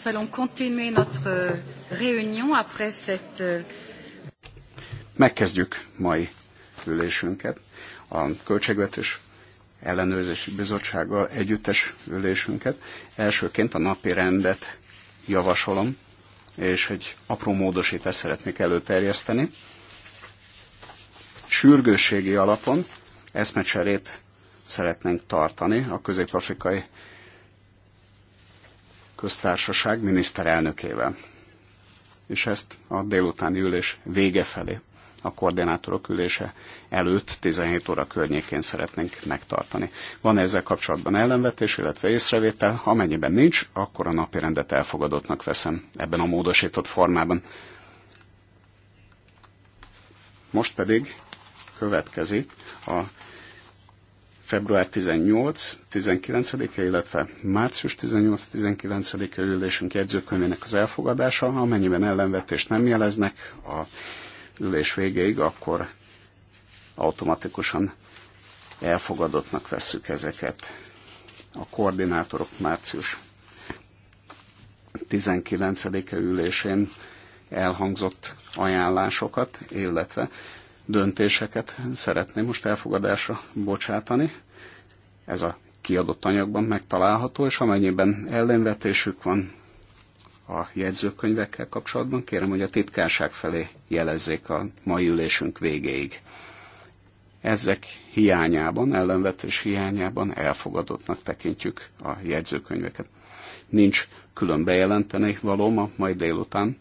Nous allons continuer notre euh, réunion après cette... Euh, Megkezdjük mai ülésünket. A Költségvetés Ellenőrzési Bizottsággal együttes ülésünket. Elsőként a napi rendet javasolom, és egy apró módosítást szeretnék előterjeszteni. Sürgősségi alapon eszmecserét szeretnénk tartani a közép-afrikai köztársaság miniszterelnökével. És ezt a délutáni ülés vége felé, a koordinátorok ülése előtt 17 óra környékén szeretnénk megtartani. Van -e ezzel kapcsolatban ellenvetés, illetve észrevétel? Amennyiben nincs, akkor a napi rendet elfogadottnak veszem ebben a módosított formában. Most pedig következik a február 18-19-e, illetve március 18-19-e ülésünk jegyzőkönyvének az elfogadása. Amennyiben ellenvetést nem jeleznek a ülés végéig, akkor automatikusan elfogadottnak vesszük ezeket. A koordinátorok március 19-e ülésén elhangzott ajánlásokat, illetve döntéseket szeretném most elfogadásra bocsátani. Ez a kiadott anyagban megtalálható, és amennyiben ellenvetésük van a jegyzőkönyvekkel kapcsolatban, kérem, hogy a titkárság felé jelezzék a mai ülésünk végéig. Ezek hiányában, ellenvetés hiányában elfogadottnak tekintjük a jegyzőkönyveket. Nincs külön bejelenteni való a mai délután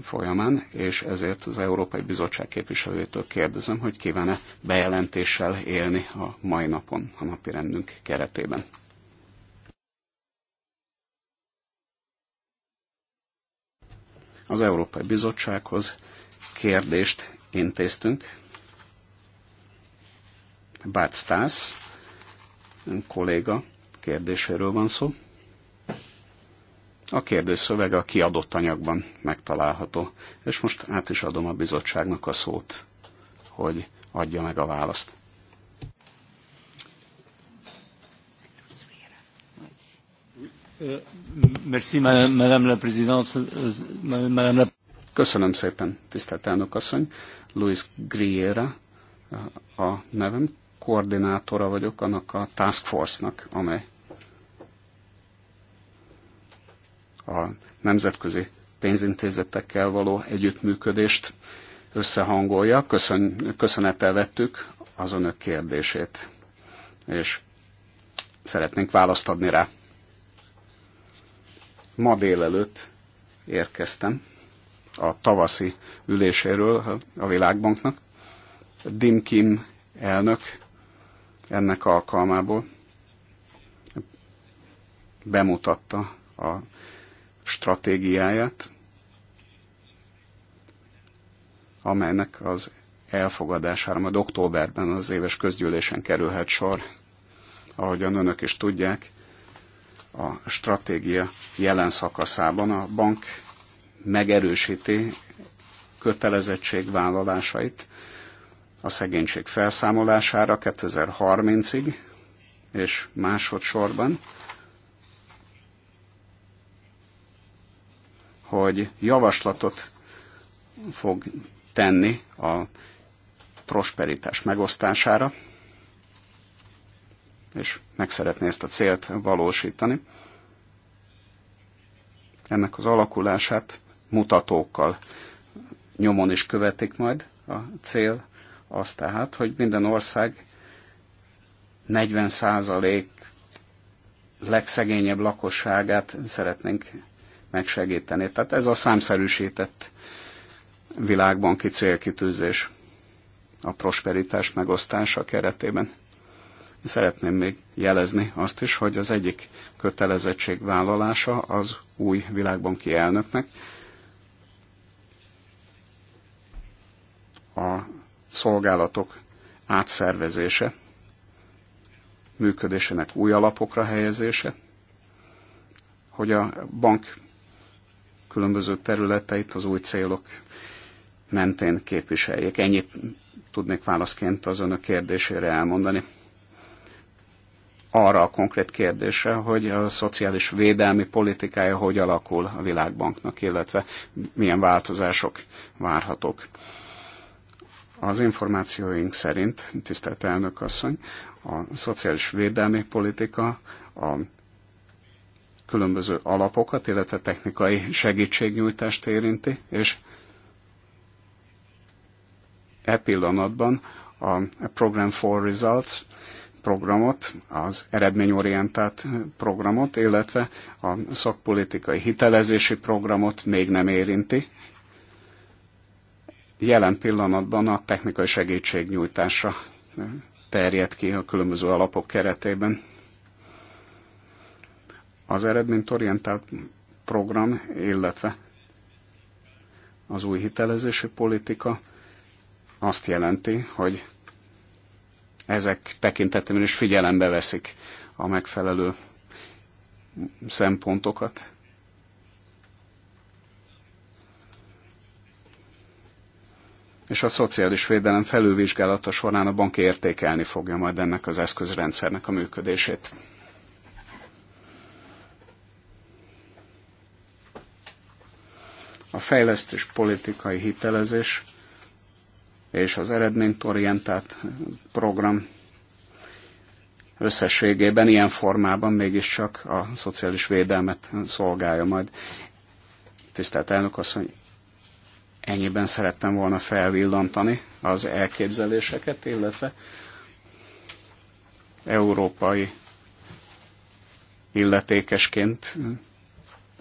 folyamán, és ezért az Európai Bizottság képviselőjétől kérdezem, hogy kíván-e bejelentéssel élni a mai napon a napi rendünk keretében. Az Európai Bizottsághoz kérdést intéztünk. Bart Stász, kolléga kérdéséről van szó. A kérdésszöveg a kiadott anyagban megtalálható. És most át is adom a bizottságnak a szót, hogy adja meg a választ. Köszönöm szépen, tisztelt elnök asszony. Luis Griera a nevem, koordinátora vagyok annak a task force-nak, amely a nemzetközi pénzintézetekkel való együttműködést összehangolja. Köszön, köszönettel vettük az önök kérdését, és szeretnénk választ adni rá. Ma délelőtt érkeztem a tavaszi üléséről a Világbanknak. Dim Kim elnök ennek alkalmából bemutatta a stratégiáját, amelynek az elfogadására majd októberben az éves közgyűlésen kerülhet sor. Ahogyan önök is tudják, a stratégia jelen szakaszában a bank megerősíti kötelezettségvállalásait a szegénység felszámolására 2030-ig, és másodszorban hogy javaslatot fog tenni a prosperitás megosztására, és meg szeretné ezt a célt valósítani. Ennek az alakulását mutatókkal nyomon is követik majd a cél, az tehát, hogy minden ország 40% legszegényebb lakosságát szeretnénk megsegíteni. Tehát ez a számszerűsített világban célkitűzés a prosperitás megosztása keretében. Szeretném még jelezni azt is, hogy az egyik kötelezettség vállalása az új világbanki elnöknek a szolgálatok átszervezése, működésének új alapokra helyezése, hogy a bank különböző területeit az új célok mentén képviseljék. Ennyit tudnék válaszként az önök kérdésére elmondani. Arra a konkrét kérdése, hogy a szociális védelmi politikája hogy alakul a világbanknak, illetve milyen változások várhatók. Az információink szerint, tisztelt elnök asszony, a szociális védelmi politika a különböző alapokat, illetve technikai segítségnyújtást érinti, és e pillanatban a Program for Results programot, az eredményorientált programot, illetve a szakpolitikai hitelezési programot még nem érinti. Jelen pillanatban a technikai segítségnyújtásra terjed ki a különböző alapok keretében az eredményorientált program, illetve az új hitelezési politika azt jelenti, hogy ezek tekintetében is figyelembe veszik a megfelelő szempontokat. És a szociális védelem felülvizsgálata során a bank értékelni fogja majd ennek az eszközrendszernek a működését. a fejlesztés politikai hitelezés és az eredményorientált program összességében ilyen formában mégiscsak a szociális védelmet szolgálja majd. Tisztelt elnök asszony, ennyiben szerettem volna felvillantani az elképzeléseket, illetve európai illetékesként,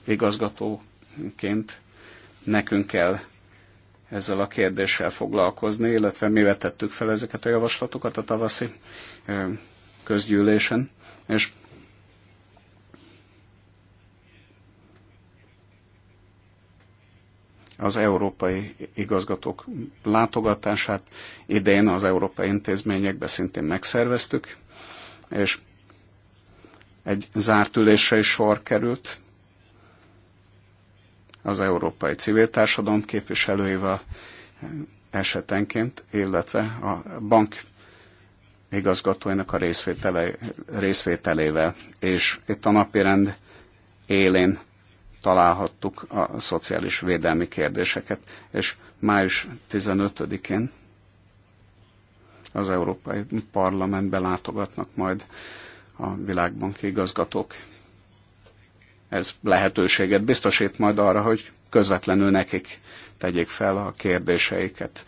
igazgatóként nekünk kell ezzel a kérdéssel foglalkozni, illetve mi vetettük fel ezeket a javaslatokat a tavaszi közgyűlésen, és az európai igazgatók látogatását idén az európai intézményekbe szintén megszerveztük, és egy zárt ülésre is sor került, az európai civil társadalom képviselőivel esetenként, illetve a bank igazgatóinak a részvétele, részvételével. És itt a napirend élén találhattuk a szociális védelmi kérdéseket, és május 15-én az Európai Parlamentbe látogatnak majd a világbanki igazgatók ez lehetőséget biztosít majd arra, hogy közvetlenül nekik tegyék fel a kérdéseiket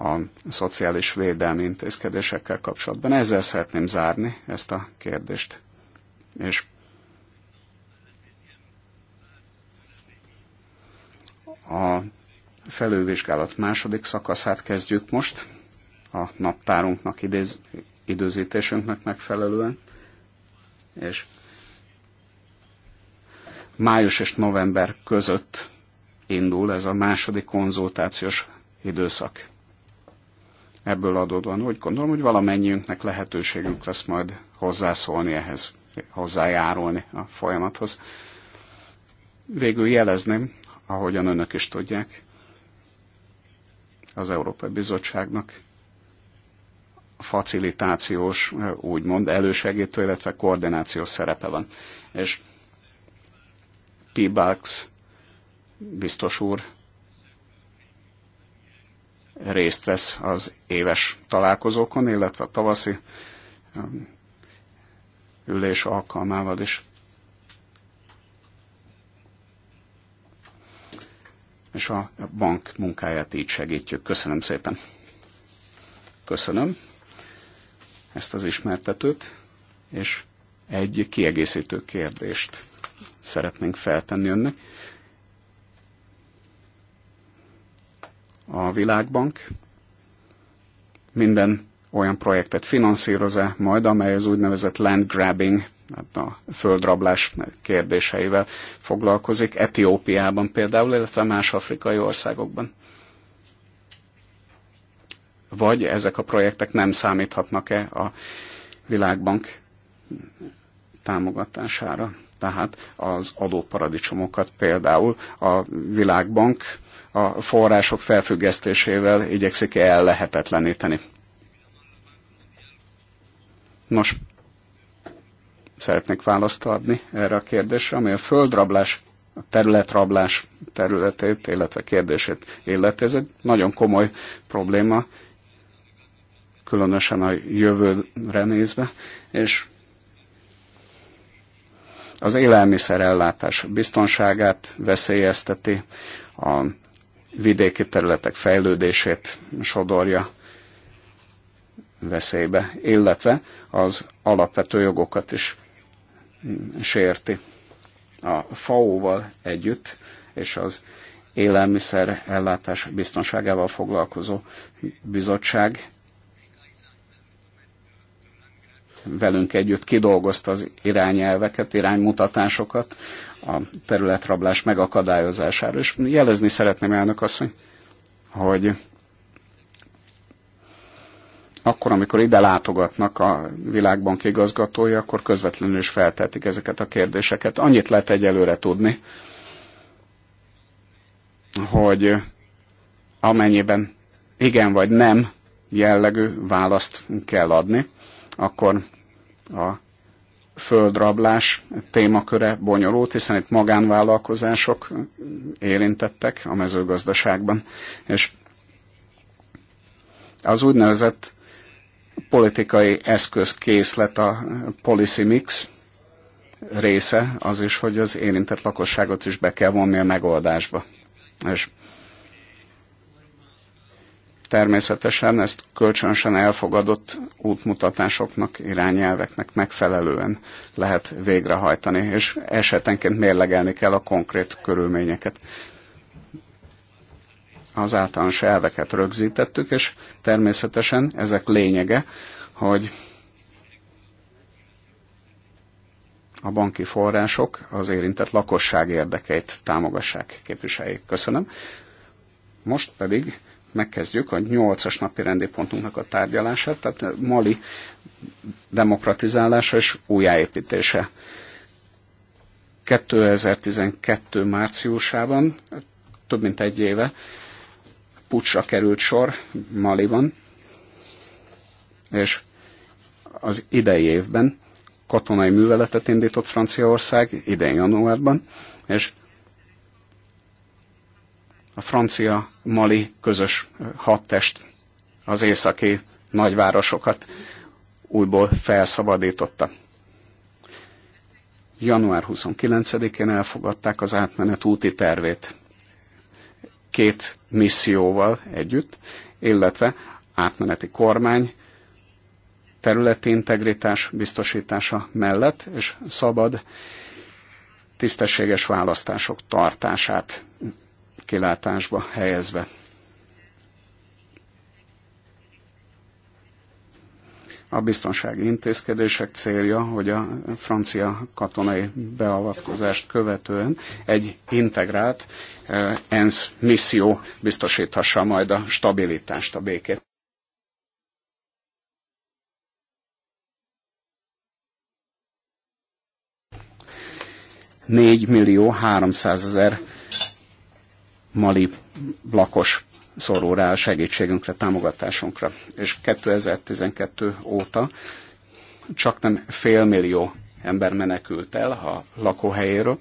a szociális védelmi intézkedésekkel kapcsolatban. Ezzel szeretném zárni ezt a kérdést. És a felővizsgálat második szakaszát kezdjük most a naptárunknak, időzítésünknek megfelelően, és Május és november között indul ez a második konzultációs időszak. Ebből adódóan úgy gondolom, hogy valamennyiünknek lehetőségünk lesz majd hozzászólni ehhez, hozzájárulni a folyamathoz. Végül jelezném, ahogyan önök is tudják, az Európai Bizottságnak facilitációs, úgymond elősegítő, illetve koordinációs szerepe van. És Bucks, biztos úr részt vesz az éves találkozókon, illetve a tavaszi um, ülés alkalmával is. És a bank munkáját így segítjük. Köszönöm szépen. Köszönöm ezt az ismertetőt, és egy kiegészítő kérdést szeretnénk feltenni önnek. A Világbank minden olyan projektet finanszíroz-e majd, amely az úgynevezett land grabbing, hát a földrablás kérdéseivel foglalkozik, Etiópiában például, illetve más afrikai országokban. Vagy ezek a projektek nem számíthatnak-e a Világbank támogatására? Tehát az adóparadicsomokat például a világbank a források felfüggesztésével igyekszik el lehetetleníteni. Nos, szeretnék választ adni erre a kérdésre, ami a földrablás, a területrablás területét, illetve kérdését illeti. Ez egy nagyon komoly probléma, különösen a jövőre nézve, és az élelmiszerellátás biztonságát veszélyezteti, a vidéki területek fejlődését sodorja veszélybe, illetve az alapvető jogokat is sérti. A FAO-val együtt és az élelmiszer ellátás biztonságával foglalkozó bizottság velünk együtt kidolgozta az irányelveket, iránymutatásokat a területrablás megakadályozására. És jelezni szeretném elnök azt, hogy akkor, amikor ide látogatnak a világbank igazgatói, akkor közvetlenül is feltetik ezeket a kérdéseket. Annyit lehet egyelőre tudni, hogy amennyiben igen vagy nem jellegű választ kell adni, akkor a földrablás témaköre bonyolult, hiszen itt magánvállalkozások érintettek a mezőgazdaságban, és az úgynevezett politikai eszközkészlet, a policy mix része az is, hogy az érintett lakosságot is be kell vonni a megoldásba. És természetesen ezt kölcsönösen elfogadott útmutatásoknak, irányelveknek megfelelően lehet végrehajtani, és esetenként mérlegelni kell a konkrét körülményeket. Az általános elveket rögzítettük, és természetesen ezek lényege, hogy a banki források az érintett lakosság érdekeit támogassák, képviseljék. Köszönöm. Most pedig megkezdjük a nyolcas napi rendi pontunknak a tárgyalását, tehát Mali demokratizálása és újjáépítése. 2012. márciusában, több mint egy éve, pucsra került sor Maliban, és az idei évben katonai műveletet indított Franciaország, idén januárban, és a francia-mali közös hadtest az északi nagyvárosokat újból felszabadította. Január 29-én elfogadták az átmenet úti tervét két misszióval együtt, illetve átmeneti kormány területi integritás biztosítása mellett és szabad, tisztességes választások tartását kilátásba helyezve. A biztonsági intézkedések célja, hogy a francia katonai beavatkozást követően egy integrált eh, ENSZ misszió biztosíthassa majd a stabilitást, a békét. Négy millió háromszázezer mali lakos szorul rá a segítségünkre, támogatásunkra. És 2012 óta csak nem félmillió ember menekült el a lakóhelyéről,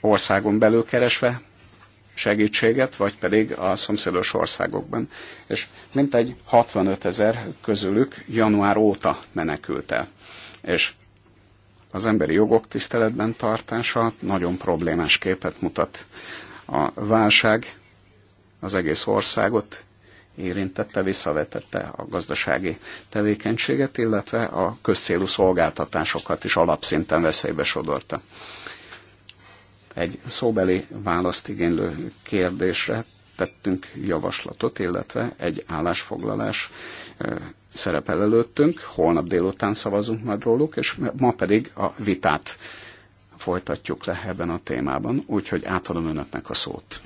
országon belül keresve segítséget, vagy pedig a szomszédos országokban. És mintegy 65 ezer közülük január óta menekült el. És az emberi jogok tiszteletben tartása nagyon problémás képet mutat a válság az egész országot érintette, visszavetette a gazdasági tevékenységet, illetve a közcélú szolgáltatásokat is alapszinten veszélybe sodorta. Egy szóbeli választ igénylő kérdésre tettünk javaslatot, illetve egy állásfoglalás szerepel előttünk. Holnap délután szavazunk majd róluk, és ma pedig a vitát folytatjuk le ebben a témában, úgyhogy átadom önöknek a szót.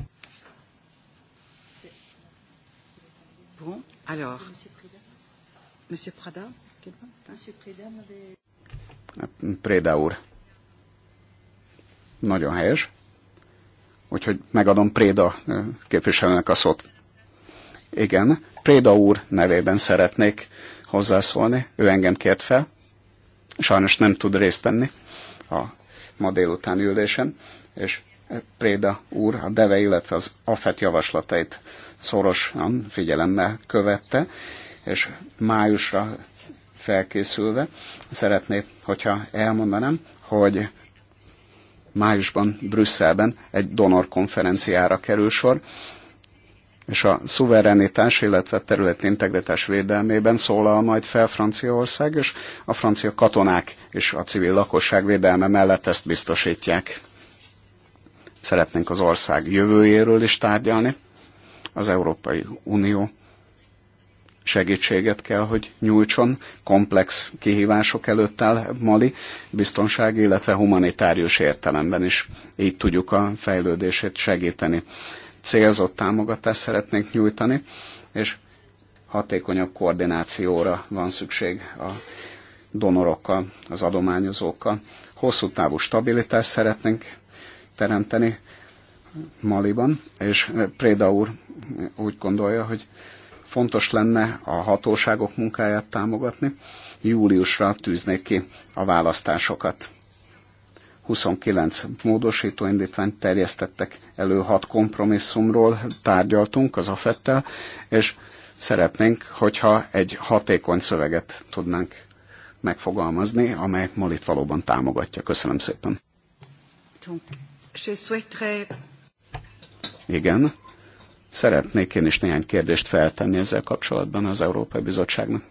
Prada, Prada, Préda úr. Nagyon helyes. Úgyhogy megadom Préda képviselőnek a szót. Igen, Préda úr nevében szeretnék hozzászólni. Ő engem kért fel. Sajnos nem tud részt venni a ma délután ülésen, és Préda úr a DEVE, illetve az AFET javaslatait szorosan figyelemmel követte, és májusra felkészülve szeretné, hogyha elmondanám, hogy májusban Brüsszelben egy donor konferenciára kerül sor, és a szuverenitás, illetve területi integritás védelmében szólal majd fel Franciaország, és a francia katonák és a civil lakosság védelme mellett ezt biztosítják. Szeretnénk az ország jövőjéről is tárgyalni. Az Európai Unió segítséget kell, hogy nyújtson. Komplex kihívások előtt áll Mali biztonsági, illetve humanitárius értelemben is. Így tudjuk a fejlődését segíteni célzott támogatást szeretnénk nyújtani, és hatékonyabb koordinációra van szükség a donorokkal, az adományozókkal. Hosszú távú stabilitást szeretnénk teremteni Maliban, és Préda úr úgy gondolja, hogy fontos lenne a hatóságok munkáját támogatni. Júliusra tűznék ki a választásokat 29 módosító indítványt terjesztettek elő, 6 kompromisszumról tárgyaltunk az AFET-tel, és szeretnénk, hogyha egy hatékony szöveget tudnánk megfogalmazni, amely Molit valóban támogatja. Köszönöm szépen. Igen. Szeretnék én is néhány kérdést feltenni ezzel kapcsolatban az Európai Bizottságnak,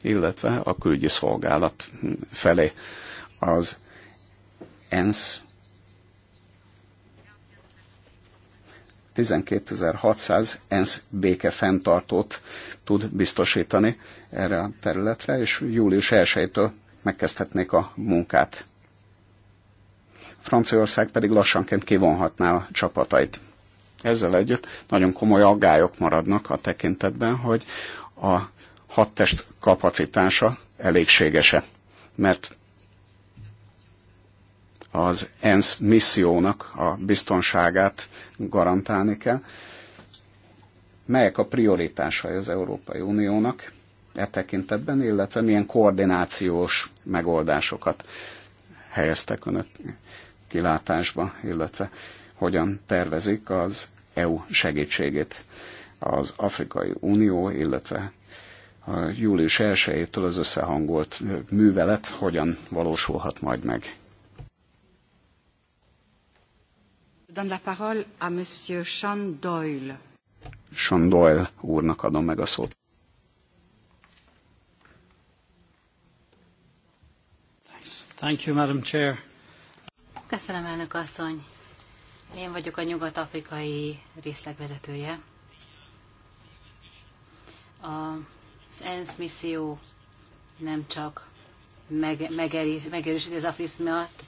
illetve a külügyi szolgálat felé. Az ENSZ 12.600 ENSZ béke fenntartót tud biztosítani erre a területre, és július 1-től megkezdhetnék a munkát. Franciaország pedig lassanként kivonhatná a csapatait. Ezzel együtt nagyon komoly aggályok maradnak a tekintetben, hogy a hadtest kapacitása elégségese. Mert az ENSZ missziónak a biztonságát garantálni kell. Melyek a prioritásai az Európai Uniónak e tekintetben, illetve milyen koordinációs megoldásokat helyeztek önök kilátásba, illetve hogyan tervezik az EU segítségét az Afrikai Unió, illetve a július 1-től az összehangolt művelet hogyan valósulhat majd meg. donne la parole à Monsieur Sean Doyle. Sean Doyle úrnak adom meg a szót. Thanks, Thank you, Madam Chair. Köszönöm, elnök asszony. Én vagyok a nyugat-afrikai részleg vezetője. Az ENSZ misszió nem csak meg, megerősíti az afrizmát,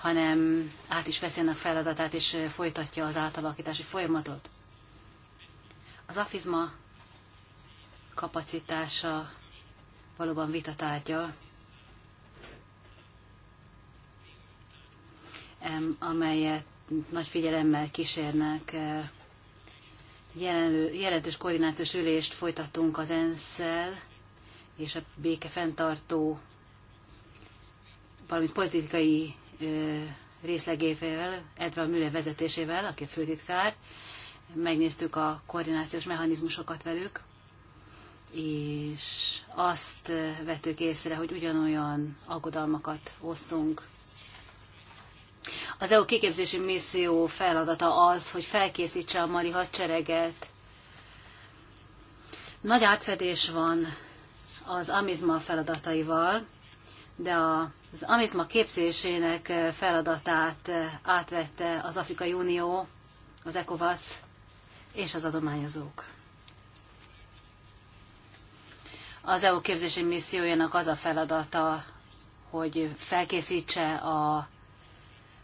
hanem át is veszi ennek feladatát, és folytatja az átalakítási folyamatot. Az afizma kapacitása valóban vitatárgya, amelyet nagy figyelemmel kísérnek. Jelenlő, jelentős koordinációs ülést folytattunk az ensz és a béke fenntartó, valamint politikai részlegével, Edward Müller vezetésével, aki a főtitkár, megnéztük a koordinációs mechanizmusokat velük, és azt vettük észre, hogy ugyanolyan aggodalmakat osztunk. Az EU kiképzési misszió feladata az, hogy felkészítse a mari hadsereget. Nagy átfedés van az amizma feladataival, de az amizma képzésének feladatát átvette az Afrikai Unió, az ECOWAS és az adományozók. Az EU képzési missziójának az a feladata, hogy felkészítse a,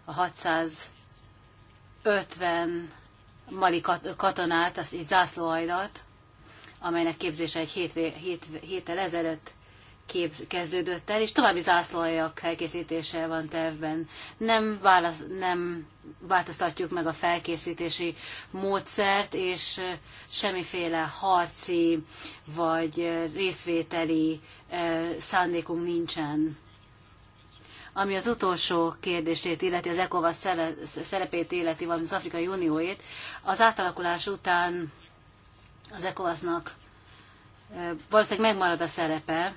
a 650 mali katonát, az itt zászlóajdat, amelynek képzése egy hét, hét, héttel ezelőtt képz, kezdődött el, és további zászlóaljak felkészítése van tervben. Nem, válasz, nem változtatjuk meg a felkészítési módszert, és semmiféle harci vagy részvételi szándékunk nincsen. Ami az utolsó kérdését illeti, az ECOWAS szerepét illeti, valamint az Afrikai Unióét, az átalakulás után az ECOWAS-nak valószínűleg megmarad a szerepe,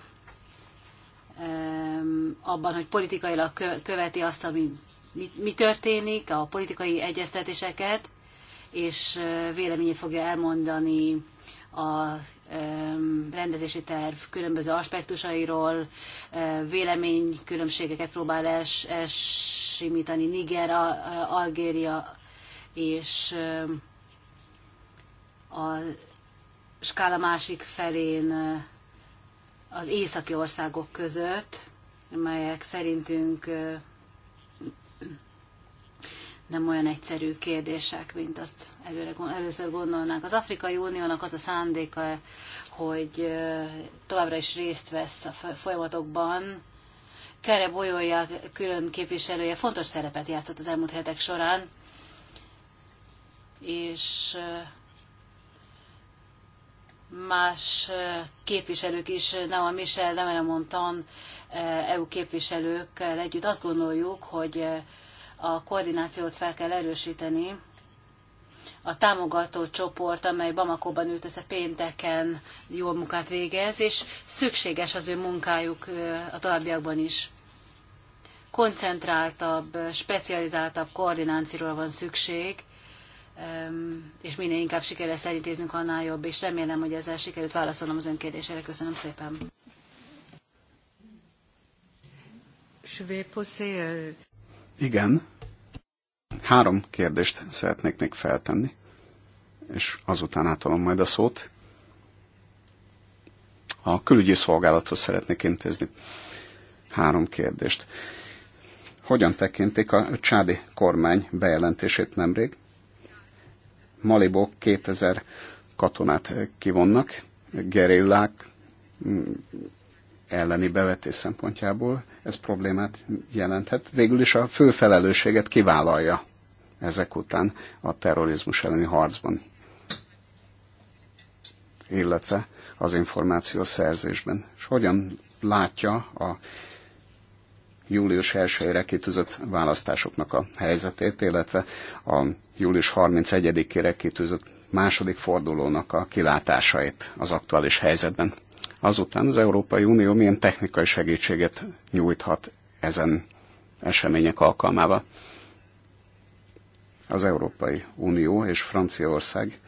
abban, hogy politikailag követi azt, ami mi, mi történik, a politikai egyeztetéseket, és véleményét fogja elmondani a rendezési terv különböző aspektusairól, véleménykülönbségeket próbál els, Niger, Algéria és a skála másik felén az északi országok között, melyek szerintünk nem olyan egyszerű kérdések, mint azt előre, először gondolnánk. Az Afrikai Uniónak az a szándéka, hogy továbbra is részt vesz a folyamatokban. Kere Bolyolja külön képviselője fontos szerepet játszott az elmúlt hetek során, és más eh, képviselők is, eh, nem a Michel, a Montan, EU eh, e képviselők, együtt azt gondoljuk, hogy a koordinációt fel kell erősíteni. A támogató csoport, amely Bamakóban ült össze pénteken, jó munkát végez, és szükséges az ő munkájuk a továbbiakban is. Koncentráltabb, specializáltabb koordinációra van szükség, és minél inkább sikerül ezt elintéznünk, annál jobb, és remélem, hogy ezzel sikerült válaszolnom az ön kérdésére. Köszönöm szépen. Euh, Igen. Három kérdést szeretnék még feltenni, és azután átadom majd a szót. A külügyi szolgálathoz szeretnék intézni három kérdést. Hogyan tekintik a csádi kormány bejelentését nemrég, Malibok 2000 katonát kivonnak, gerillák mm, elleni bevetés szempontjából ez problémát jelenthet. Végül is a fő felelősséget kivállalja ezek után a terrorizmus elleni harcban, illetve az információ szerzésben. És hogyan látja a július 1-re kitűzött választásoknak a helyzetét, illetve a július 31-ére kitűzött második fordulónak a kilátásait az aktuális helyzetben. Azután az Európai Unió milyen technikai segítséget nyújthat ezen események alkalmával. Az Európai Unió és Franciaország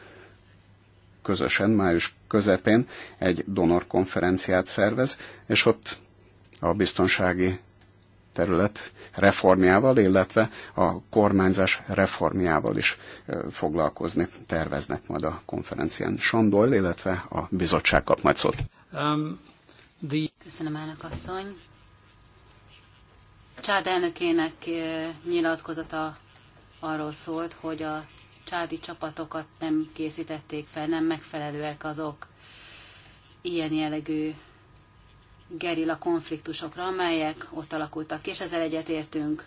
közösen május közepén egy donorkonferenciát szervez, és ott a biztonsági terület reformjával, illetve a kormányzás reformjával is foglalkozni terveznek majd a konferencián. Sandor, illetve a bizottság kap majd szót. Um, the... Köszönöm, elnök asszony. Csád elnökének nyilatkozata arról szólt, hogy a csádi csapatokat nem készítették fel, nem megfelelőek azok ilyen jellegű gerilla konfliktusokra, amelyek ott alakultak, és ezzel egyetértünk.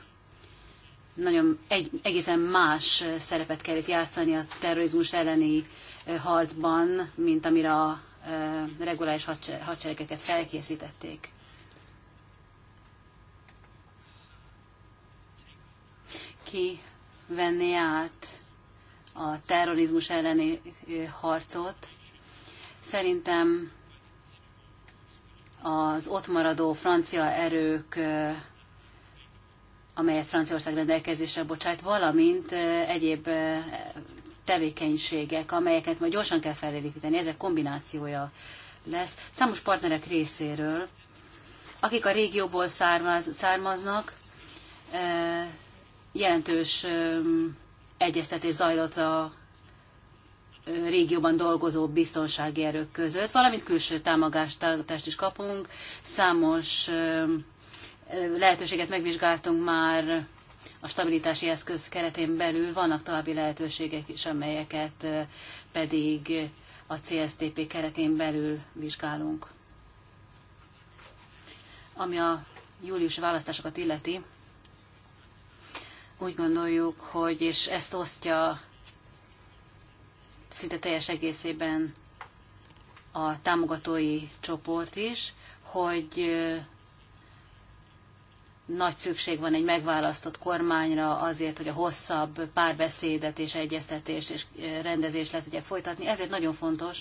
Nagyon egy, egészen más szerepet kellett játszani a terrorizmus elleni harcban, mint amire a reguláris hadseregeket felkészítették. Ki venné át a terrorizmus elleni harcot? Szerintem az ott maradó francia erők, amelyet Franciaország rendelkezésre bocsájt, valamint egyéb tevékenységek, amelyeket majd gyorsan kell felépíteni. Ezek kombinációja lesz számos partnerek részéről, akik a régióból származ, származnak, jelentős egyeztetés zajlott a régióban dolgozó biztonsági erők között, valamint külső támogatást is kapunk. Számos lehetőséget megvizsgáltunk már a stabilitási eszköz keretén belül, vannak további lehetőségek is, amelyeket pedig a CSTP keretén belül vizsgálunk. Ami a júliusi választásokat illeti, úgy gondoljuk, hogy, és ezt osztja szinte teljes egészében a támogatói csoport is, hogy nagy szükség van egy megválasztott kormányra azért, hogy a hosszabb párbeszédet és egyeztetést és rendezést le tudják folytatni. Ezért nagyon fontos,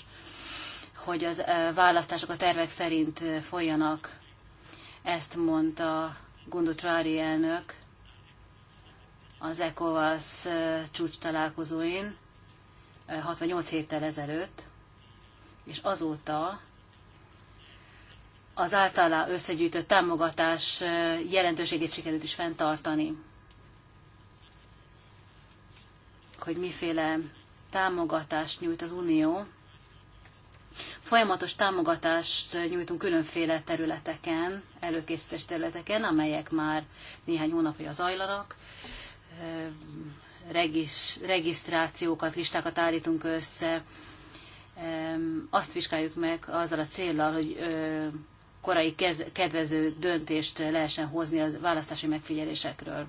hogy az választások a tervek szerint folyjanak. Ezt mondta Gundutrári elnök az ECOWAS csúcs találkozóin. 68 héttel ezelőtt, és azóta az általa összegyűjtött támogatás jelentőségét sikerült is fenntartani. Hogy miféle támogatást nyújt az Unió. Folyamatos támogatást nyújtunk különféle területeken, előkészítés területeken, amelyek már néhány hónapja zajlanak regis, regisztrációkat, listákat állítunk össze, azt vizsgáljuk meg azzal a céllal, hogy korai kedvező döntést lehessen hozni a választási megfigyelésekről.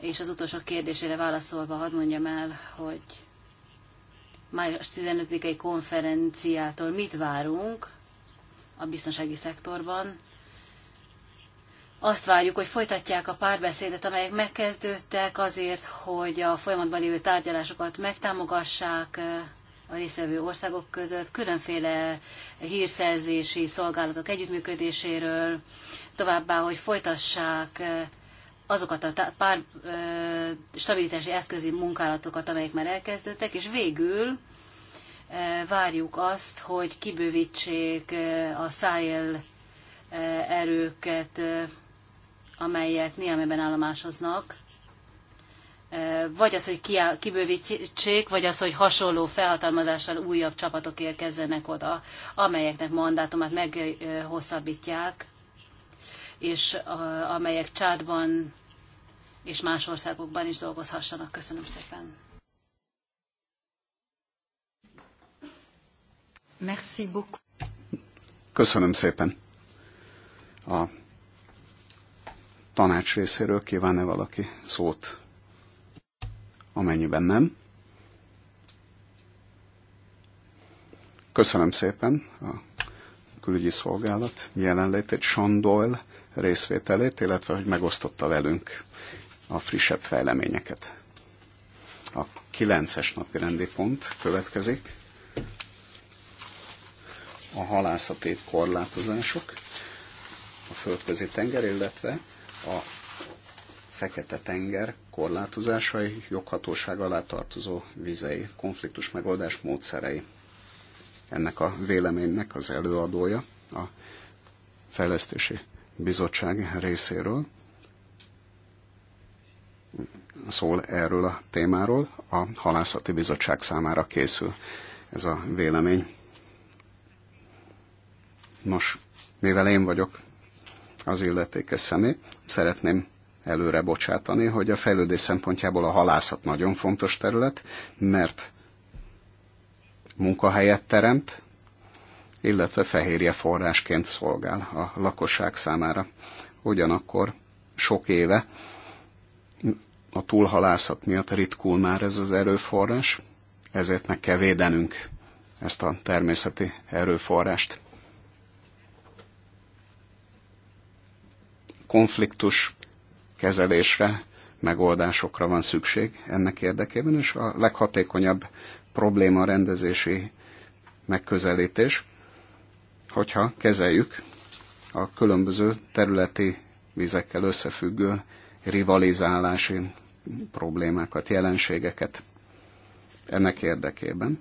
És az utolsó kérdésére válaszolva hadd mondjam el, hogy május 15-i konferenciától mit várunk a biztonsági szektorban azt várjuk, hogy folytatják a párbeszédet, amelyek megkezdődtek azért, hogy a folyamatban lévő tárgyalásokat megtámogassák a részvevő országok között, különféle hírszerzési szolgálatok együttműködéséről, továbbá, hogy folytassák azokat a pár stabilitási eszközi munkálatokat, amelyek már elkezdődtek, és végül várjuk azt, hogy kibővítsék a szájel erőket amelyek néhányban állomásoznak, vagy az, hogy kibővítsék, vagy az, hogy hasonló felhatalmazással újabb csapatok érkezzenek oda, amelyeknek mandátumát meghosszabbítják, és amelyek csádban és más országokban is dolgozhassanak. Köszönöm szépen. Merci beaucoup. Köszönöm szépen. A tanács részéről kíván-e valaki szót? Amennyiben nem. Köszönöm szépen a külügyi szolgálat jelenlétét, Sandol részvételét, illetve hogy megosztotta velünk a frissebb fejleményeket. A kilences napi rendi pont következik. A halászati korlátozások a földközi tenger, illetve a Fekete-tenger korlátozásai, joghatóság alá tartozó vizei, konfliktus megoldás módszerei. Ennek a véleménynek az előadója a Fejlesztési Bizottság részéről szól erről a témáról. A Halászati Bizottság számára készül ez a vélemény. Nos, mivel én vagyok az illetékes személy. Szeretném előre bocsátani, hogy a fejlődés szempontjából a halászat nagyon fontos terület, mert munkahelyet teremt, illetve fehérje forrásként szolgál a lakosság számára. Ugyanakkor sok éve a túlhalászat miatt ritkul már ez az erőforrás, ezért meg kell védenünk ezt a természeti erőforrást. konfliktus kezelésre, megoldásokra van szükség ennek érdekében, és a leghatékonyabb probléma rendezési megközelítés, hogyha kezeljük a különböző területi vizekkel összefüggő rivalizálási problémákat, jelenségeket ennek érdekében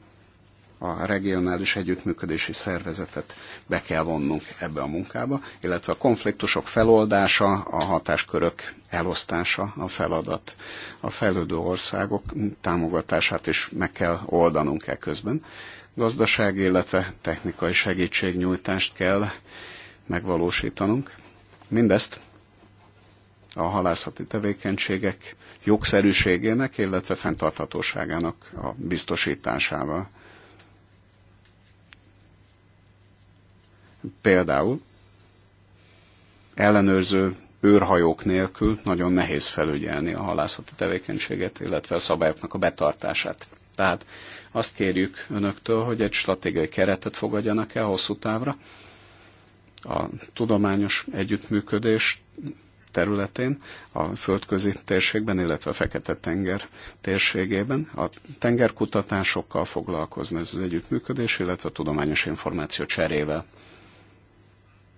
a regionális együttműködési szervezetet be kell vonnunk ebbe a munkába, illetve a konfliktusok feloldása, a hatáskörök elosztása a feladat. A fejlődő országok támogatását is meg kell oldanunk e közben. Gazdasági, illetve technikai segítségnyújtást kell megvalósítanunk. Mindezt a halászati tevékenységek jogszerűségének, illetve fenntarthatóságának a biztosításával. például ellenőrző őrhajók nélkül nagyon nehéz felügyelni a halászati tevékenységet, illetve a szabályoknak a betartását. Tehát azt kérjük önöktől, hogy egy stratégiai keretet fogadjanak el hosszú távra a tudományos együttműködés területén, a földközi térségben, illetve a Fekete-tenger térségében. A tengerkutatásokkal foglalkozni ez az együttműködés, illetve a tudományos információ cserével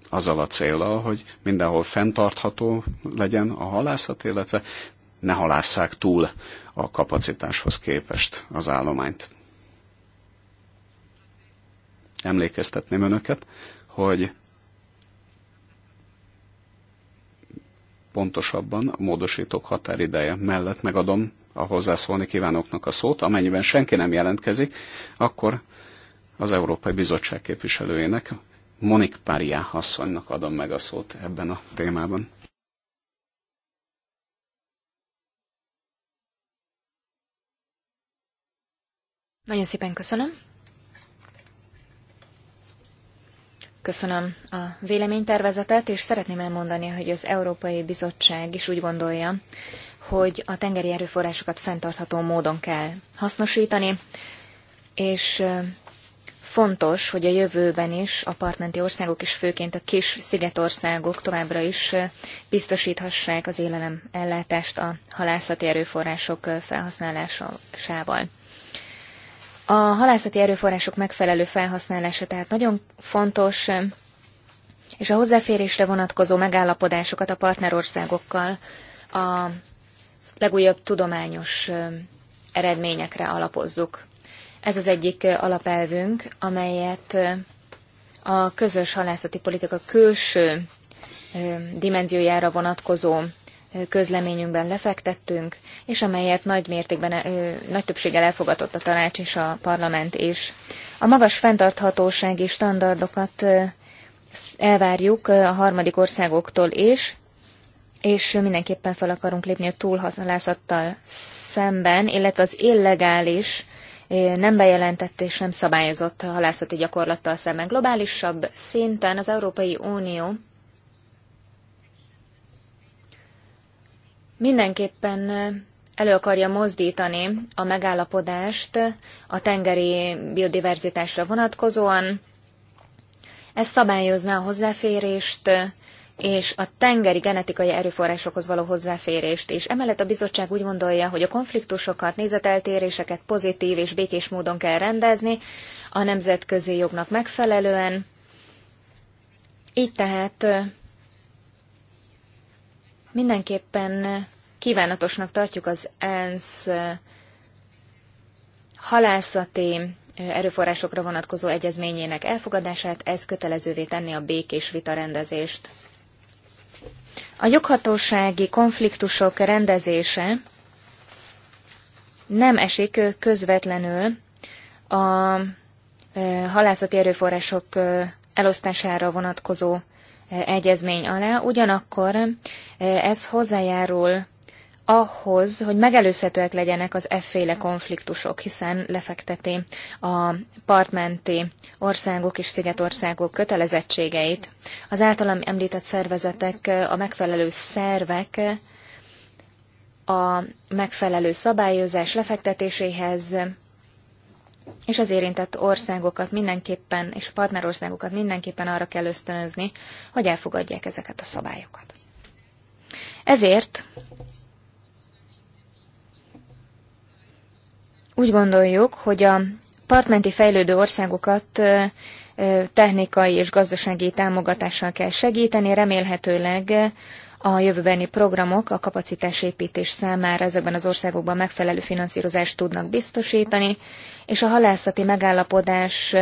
azzal a célral, hogy mindenhol fenntartható legyen a halászat, illetve ne halásszák túl a kapacitáshoz képest az állományt. Emlékeztetném önöket, hogy pontosabban a módosítók határideje mellett megadom a hozzászólni kívánoknak a szót. Amennyiben senki nem jelentkezik, akkor az Európai Bizottság képviselőjének, Monik Pária asszonynak adom meg a szót ebben a témában. Nagyon szépen köszönöm. Köszönöm a véleménytervezetet, és szeretném elmondani, hogy az Európai Bizottság is úgy gondolja, hogy a tengeri erőforrásokat fenntartható módon kell hasznosítani, és Fontos, hogy a jövőben is a partmenti országok, és főként a kis szigetországok továbbra is biztosíthassák az élelem ellátást a halászati erőforrások felhasználásával. A halászati erőforrások megfelelő felhasználása tehát nagyon fontos, és a hozzáférésre vonatkozó megállapodásokat a partnerországokkal a legújabb tudományos eredményekre alapozzuk. Ez az egyik alapelvünk, amelyet a közös halászati politika külső dimenziójára vonatkozó közleményünkben lefektettünk, és amelyet nagy mértékben, nagy többséggel elfogadott a tanács és a parlament is. A magas fenntarthatósági standardokat elvárjuk a harmadik országoktól is, és mindenképpen fel akarunk lépni a túlhasználászattal szemben, illetve az illegális nem bejelentett és nem szabályozott halászati gyakorlattal szemben. Globálisabb szinten az Európai Unió mindenképpen elő akarja mozdítani a megállapodást a tengeri biodiverzitásra vonatkozóan. Ez szabályozná a hozzáférést, és a tengeri genetikai erőforrásokhoz való hozzáférést is. Emellett a bizottság úgy gondolja, hogy a konfliktusokat, nézeteltéréseket pozitív és békés módon kell rendezni, a nemzetközi jognak megfelelően. Így tehát mindenképpen kívánatosnak tartjuk az ENSZ halászati erőforrásokra vonatkozó egyezményének elfogadását, ez kötelezővé tenni a békés vitarendezést. A joghatósági konfliktusok rendezése nem esik közvetlenül a e, halászati erőforrások e, elosztására vonatkozó e, egyezmény alá, ugyanakkor ez hozzájárul ahhoz, hogy megelőzhetőek legyenek az efféle konfliktusok, hiszen lefekteti a partmenti országok és szigetországok kötelezettségeit. Az általam említett szervezetek, a megfelelő szervek a megfelelő szabályozás lefektetéséhez és az érintett országokat mindenképpen, és a partnerországokat mindenképpen arra kell ösztönözni, hogy elfogadják ezeket a szabályokat. Ezért Úgy gondoljuk, hogy a partmenti fejlődő országokat technikai és gazdasági támogatással kell segíteni, remélhetőleg a jövőbeni programok a kapacitásépítés számára ezekben az országokban megfelelő finanszírozást tudnak biztosítani, és a halászati megállapodás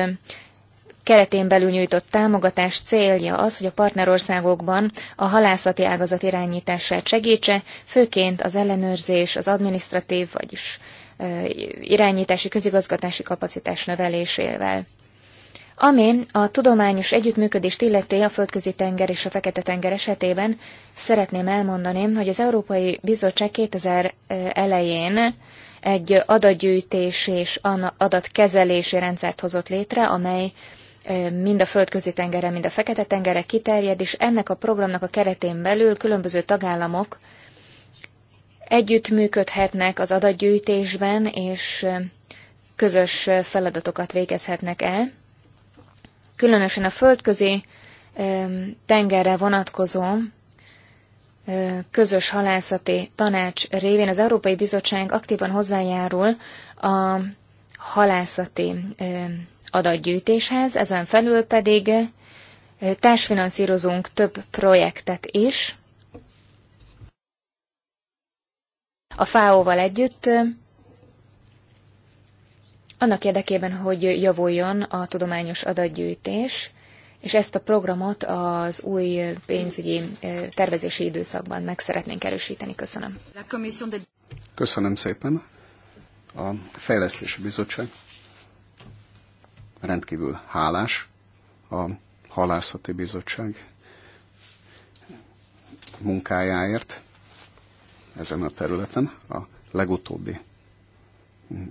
keretén belül nyújtott támogatás célja az, hogy a partnerországokban a halászati ágazat irányítását segítse, főként az ellenőrzés, az administratív, vagyis irányítási, közigazgatási kapacitás növelésével. Ami a tudományos együttműködést illeti a földközi tenger és a fekete tenger esetében, szeretném elmondani, hogy az Európai Bizottság 2000 elején egy adatgyűjtés és adatkezelési rendszert hozott létre, amely mind a földközi tengere, mind a fekete tengere kiterjed, és ennek a programnak a keretén belül különböző tagállamok együttműködhetnek az adatgyűjtésben, és közös feladatokat végezhetnek el. Különösen a földközi tengerre vonatkozó közös halászati tanács révén az Európai Bizottság aktívan hozzájárul a halászati adatgyűjtéshez, ezen felül pedig társfinanszírozunk több projektet is, a fáóval együtt, annak érdekében, hogy javuljon a tudományos adatgyűjtés, és ezt a programot az új pénzügyi tervezési időszakban meg szeretnénk erősíteni. Köszönöm. Köszönöm szépen. A Fejlesztési Bizottság rendkívül hálás a Halászati Bizottság munkájáért, ezen a területen a legutóbbi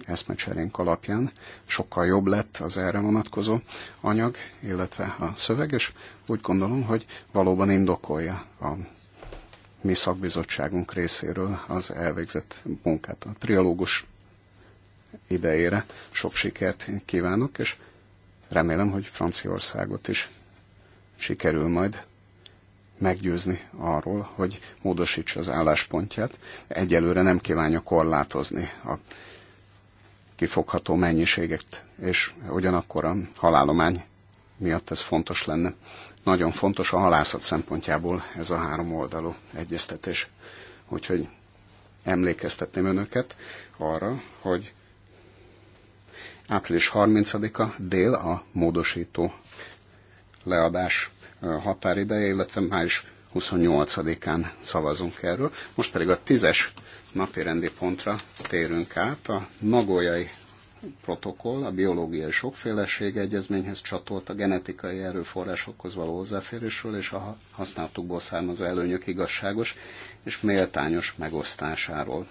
eszmecserénk alapján sokkal jobb lett az erre vonatkozó anyag, illetve a szöveg, és úgy gondolom, hogy valóban indokolja a mi szakbizottságunk részéről az elvégzett munkát. A trialógus idejére sok sikert kívánok, és remélem, hogy Franciaországot is sikerül majd meggyőzni arról, hogy módosítsa az álláspontját. Egyelőre nem kívánja korlátozni a kifogható mennyiséget, és ugyanakkor a halálomány miatt ez fontos lenne. Nagyon fontos a halászat szempontjából ez a három oldalú egyeztetés. Úgyhogy emlékeztetném önöket arra, hogy április 30-a dél a módosító leadás határideje, illetve május 28-án szavazunk erről. Most pedig a tízes napi rendi pontra térünk át. A Nagoyai protokoll, a biológiai sokféleség egyezményhez csatolt a genetikai erőforrásokhoz való hozzáférésről és a használatukból származó előnyök igazságos és méltányos megosztásáról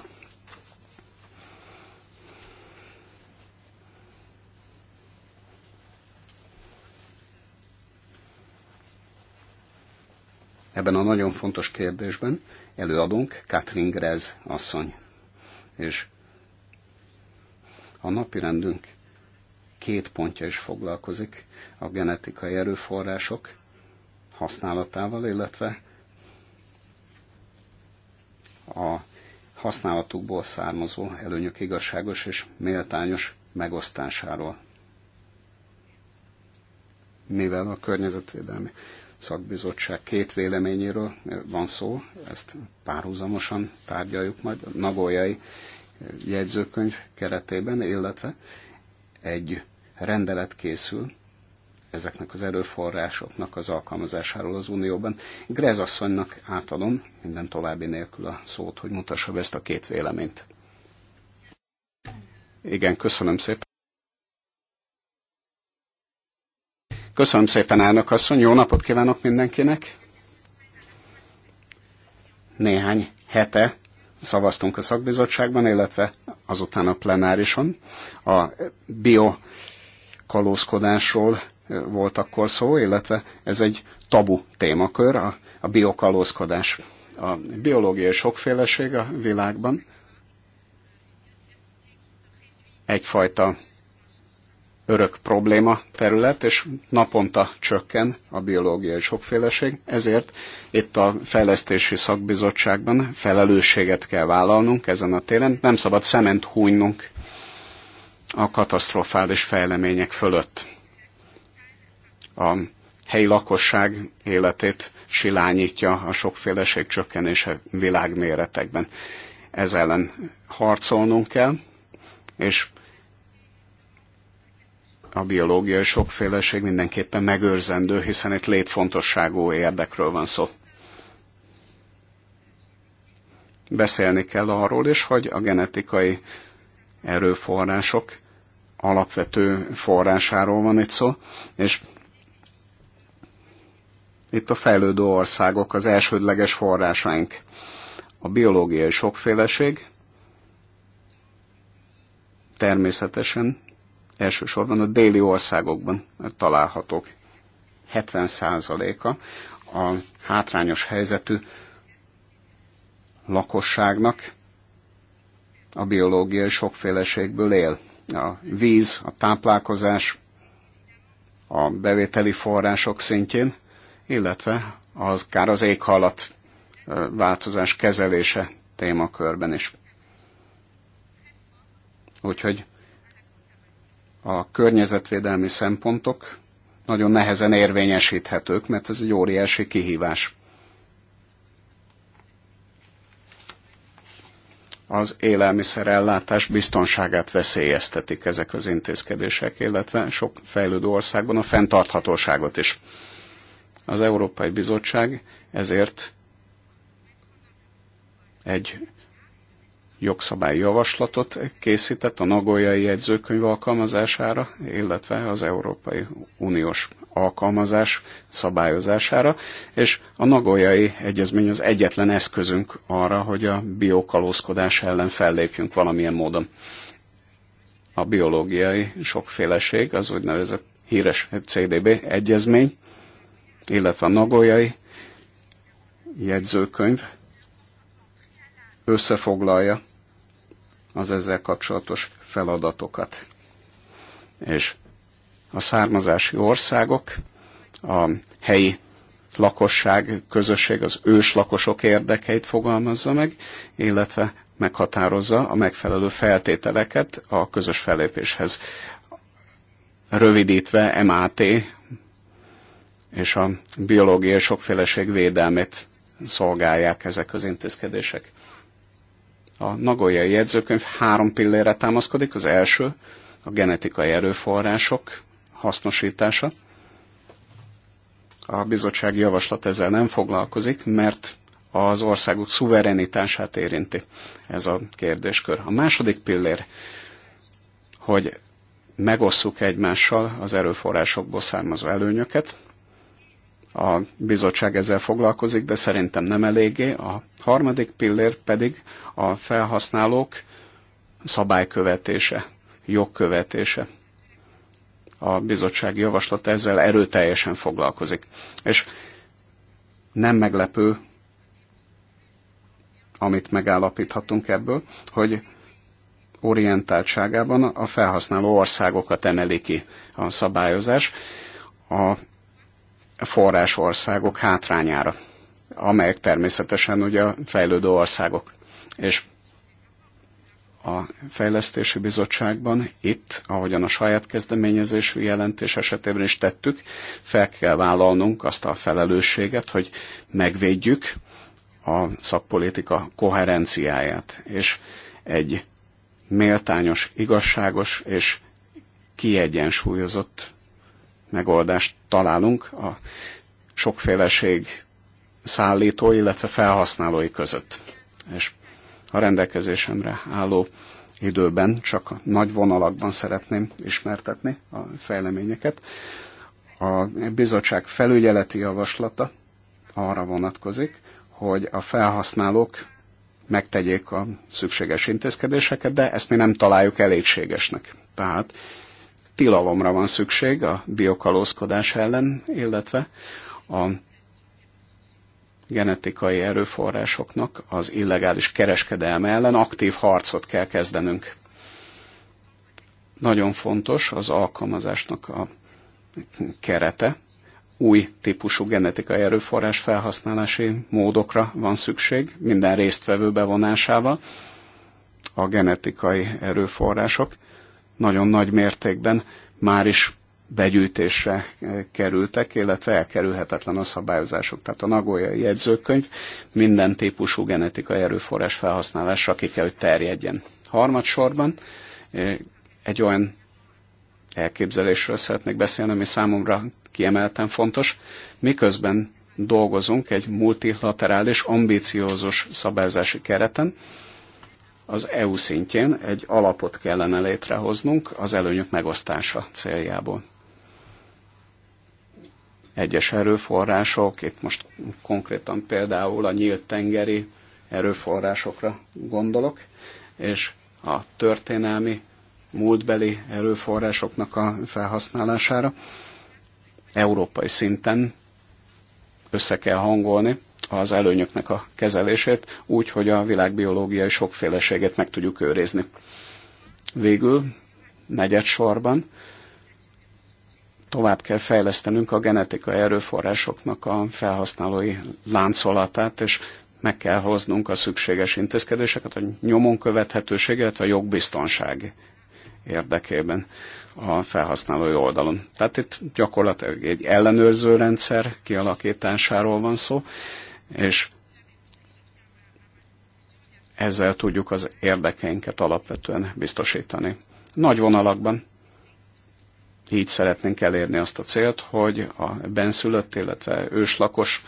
ebben a nagyon fontos kérdésben előadunk Katrin Grez asszony. És a napi rendünk két pontja is foglalkozik a genetikai erőforrások használatával, illetve a használatukból származó előnyök igazságos és méltányos megosztásáról. Mivel a környezetvédelmi szakbizottság két véleményéről van szó, ezt párhuzamosan tárgyaljuk majd a nagoljai eh, jegyzőkönyv keretében, illetve egy rendelet készül ezeknek az erőforrásoknak az alkalmazásáról az Unióban. Grez asszonynak átadom minden további nélkül a szót, hogy mutassa be ezt a két véleményt. Igen, köszönöm szépen. Köszönöm szépen, elnök asszony, jó napot kívánok mindenkinek! Néhány hete szavaztunk a szakbizottságban, illetve azután a plenárison. A biokalózkodásról volt akkor szó, illetve ez egy tabu témakör, a, a biokalózkodás. A biológiai sokféleség a világban egyfajta örök probléma terület, és naponta csökken a biológiai sokféleség, ezért itt a fejlesztési szakbizottságban felelősséget kell vállalnunk ezen a téren, nem szabad szement hújnunk a katasztrofális fejlemények fölött. A helyi lakosság életét silányítja a sokféleség csökkenése világméretekben. Ez ellen harcolnunk kell, és a biológiai sokféleség mindenképpen megőrzendő, hiszen itt létfontosságú érdekről van szó. Beszélni kell arról is, hogy a genetikai erőforrások alapvető forrásáról van itt szó, és itt a fejlődő országok az elsődleges forrásaink. A biológiai sokféleség természetesen elsősorban a déli országokban találhatók. 70%-a a hátrányos helyzetű lakosságnak a biológiai sokféleségből él. A víz, a táplálkozás, a bevételi források szintjén, illetve kár az éghajlat változás kezelése témakörben is. Úgyhogy a környezetvédelmi szempontok nagyon nehezen érvényesíthetők, mert ez egy óriási kihívás. az élelmiszerellátás biztonságát veszélyeztetik ezek az intézkedések, illetve sok fejlődő országban a fenntarthatóságot is. Az Európai Bizottság ezért egy jogszabályjavaslatot készített a Nagoyai jegyzőkönyv alkalmazására, illetve az Európai Uniós alkalmazás szabályozására, és a Nagoyai Egyezmény az egyetlen eszközünk arra, hogy a biokalózkodás ellen fellépjünk valamilyen módon. A biológiai sokféleség, az úgynevezett híres CDB egyezmény, illetve a Nagoyai jegyzőkönyv összefoglalja az ezzel kapcsolatos feladatokat. És a származási országok, a helyi lakosság, közösség, az őslakosok érdekeit fogalmazza meg, illetve meghatározza a megfelelő feltételeket a közös fellépéshez. Rövidítve MAT és a biológiai sokféleség védelmét szolgálják ezek az intézkedések. A Nagoyai jegyzőkönyv három pillére támaszkodik. Az első a genetikai erőforrások hasznosítása. A bizottsági javaslat ezzel nem foglalkozik, mert az országok szuverenitását érinti ez a kérdéskör. A második pillér, hogy megosszuk egymással az erőforrásokból származó előnyöket, a bizottság ezzel foglalkozik, de szerintem nem eléggé. A harmadik pillér pedig a felhasználók szabálykövetése, jogkövetése. A bizottság javaslata ezzel erőteljesen foglalkozik. És nem meglepő, amit megállapíthatunk ebből, hogy orientáltságában a felhasználó országokat emeli ki a szabályozás. A forrásországok hátrányára, amelyek természetesen ugye a fejlődő országok. És a Fejlesztési Bizottságban itt, ahogyan a saját kezdeményezésű jelentés esetében is tettük, fel kell vállalnunk azt a felelősséget, hogy megvédjük a szakpolitika koherenciáját, és egy méltányos, igazságos és kiegyensúlyozott megoldást találunk a sokféleség szállítói, illetve felhasználói között. És a rendelkezésemre álló időben csak a nagy vonalakban szeretném ismertetni a fejleményeket. A bizottság felügyeleti javaslata arra vonatkozik, hogy a felhasználók megtegyék a szükséges intézkedéseket, de ezt mi nem találjuk elégségesnek. Tehát tilalomra van szükség a biokalózkodás ellen, illetve a genetikai erőforrásoknak az illegális kereskedelme ellen aktív harcot kell kezdenünk. Nagyon fontos az alkalmazásnak a kerete, új típusú genetikai erőforrás felhasználási módokra van szükség, minden résztvevő bevonásával a genetikai erőforrások nagyon nagy mértékben már is begyűjtésre eh, kerültek, illetve elkerülhetetlen a szabályozások. Tehát a Nagoya jegyzőkönyv minden típusú genetikai erőforrás felhasználásra ki kell, hogy terjedjen. Harmadsorban eh, egy olyan elképzelésről szeretnék beszélni, ami számomra kiemelten fontos. Miközben dolgozunk egy multilaterális, ambíciózus szabályozási kereten, az EU szintjén egy alapot kellene létrehoznunk az előnyök megosztása céljából. Egyes erőforrások, itt most konkrétan például a nyílt tengeri erőforrásokra gondolok, és a történelmi múltbeli erőforrásoknak a felhasználására európai szinten össze kell hangolni az előnyöknek a kezelését, úgy, hogy a világbiológiai sokféleséget meg tudjuk őrizni. Végül, negyed sorban, tovább kell fejlesztenünk a genetikai erőforrásoknak a felhasználói láncolatát, és meg kell hoznunk a szükséges intézkedéseket a nyomon követhetőség, illetve a jogbiztonság érdekében a felhasználói oldalon. Tehát itt gyakorlatilag egy ellenőrző rendszer kialakításáról van szó, és ezzel tudjuk az érdekeinket alapvetően biztosítani. Nagy vonalakban így szeretnénk elérni azt a célt, hogy a benszülött, illetve őslakos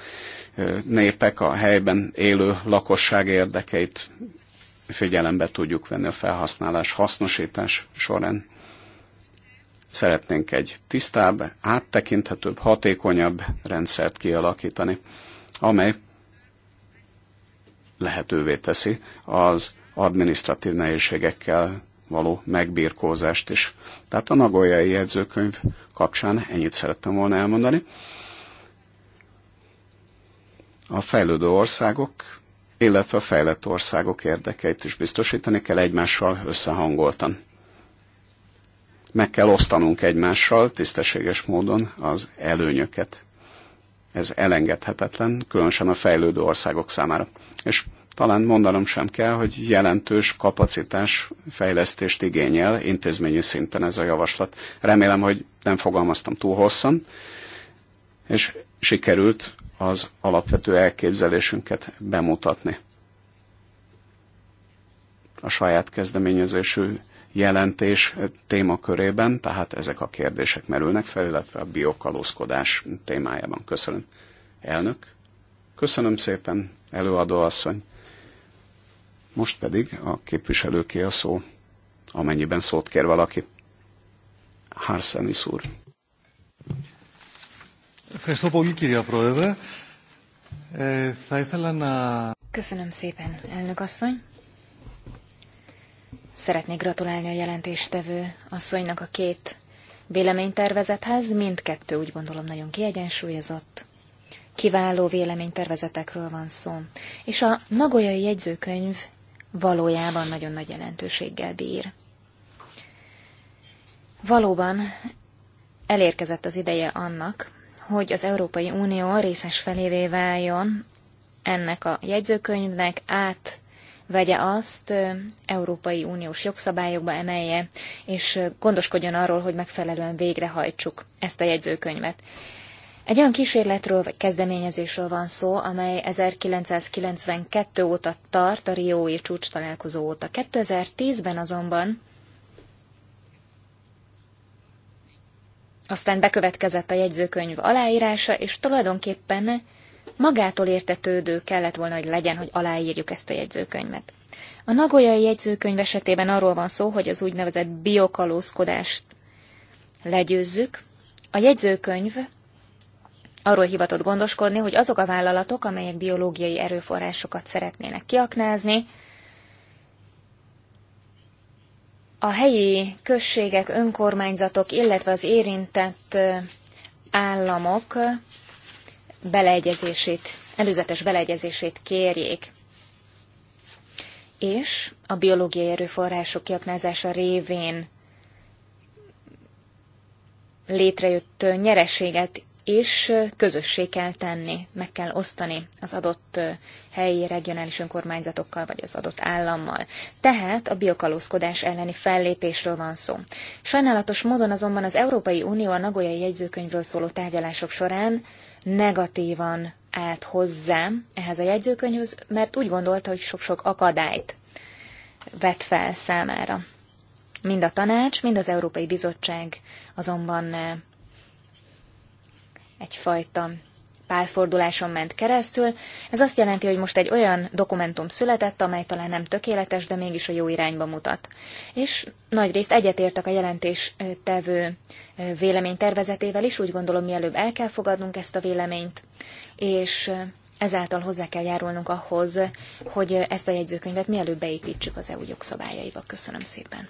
népek, a helyben élő lakosság érdekeit figyelembe tudjuk venni a felhasználás hasznosítás során. Szeretnénk egy tisztább, áttekinthetőbb, hatékonyabb rendszert kialakítani, amely lehetővé teszi az adminisztratív nehézségekkel való megbírkózást is. Tehát a Nagoyai jegyzőkönyv kapcsán ennyit szerettem volna elmondani. A fejlődő országok, illetve a fejlett országok érdekeit is biztosítani kell egymással összehangoltan. Meg kell osztanunk egymással tisztességes módon az előnyöket ez elengedhetetlen, különösen a fejlődő országok számára. És talán mondanom sem kell, hogy jelentős kapacitás fejlesztést igényel intézményi szinten ez a javaslat. Remélem, hogy nem fogalmaztam túl hosszan, és sikerült az alapvető elképzelésünket bemutatni. A saját kezdeményezésű jelentés témakörében, tehát ezek a kérdések merülnek fel, illetve a biokalózkodás témájában. Köszönöm. Elnök, köszönöm szépen, előadó asszony. Most pedig a képviselőké a szó, amennyiben szót kér valaki. Harsenis úr. Köszönöm szépen, eh, elnök asszony. Szeretnék gratulálni a jelentéstevő asszonynak a két véleménytervezethez. Mindkettő úgy gondolom nagyon kiegyensúlyozott. Kiváló véleménytervezetekről van szó. És a Nagolyai jegyzőkönyv valójában nagyon nagy jelentőséggel bír. Valóban elérkezett az ideje annak, hogy az Európai Unió részes felévé váljon ennek a jegyzőkönyvnek, át vegye azt, Európai Uniós jogszabályokba emelje, és gondoskodjon arról, hogy megfelelően végrehajtsuk ezt a jegyzőkönyvet. Egy olyan kísérletről vagy kezdeményezésről van szó, amely 1992 óta tart a Riói csúcs találkozó óta. 2010-ben azonban aztán bekövetkezett a jegyzőkönyv aláírása, és tulajdonképpen magától értetődő kellett volna, hogy legyen, hogy aláírjuk ezt a jegyzőkönyvet. A Nagoyai jegyzőkönyv esetében arról van szó, hogy az úgynevezett biokalózkodást legyőzzük. A jegyzőkönyv arról hivatott gondoskodni, hogy azok a vállalatok, amelyek biológiai erőforrásokat szeretnének kiaknázni, a helyi községek, önkormányzatok, illetve az érintett államok beleegyezését, előzetes beleegyezését kérjék. És a biológiai erőforrások kiaknázása révén létrejött nyereséget és közössé kell tenni, meg kell osztani az adott helyi regionális önkormányzatokkal, vagy az adott állammal. Tehát a biokalózkodás elleni fellépésről van szó. Sajnálatos módon azonban az Európai Unió a Nagoyai jegyzőkönyvről szóló tárgyalások során negatívan állt hozzám ehhez a jegyzőkönyvhöz, mert úgy gondolta, hogy sok-sok akadályt vett fel számára. Mind a tanács, mind az Európai Bizottság azonban eh, egyfajta pálforduláson ment keresztül. Ez azt jelenti, hogy most egy olyan dokumentum született, amely talán nem tökéletes, de mégis a jó irányba mutat. És nagyrészt egyetértek a jelentés tevő vélemény tervezetével, is, úgy gondolom mielőbb el kell fogadnunk ezt a véleményt, és ezáltal hozzá kell járulnunk ahhoz, hogy ezt a jegyzőkönyvet mielőbb beépítsük az EU jogszabályaiba. Köszönöm szépen.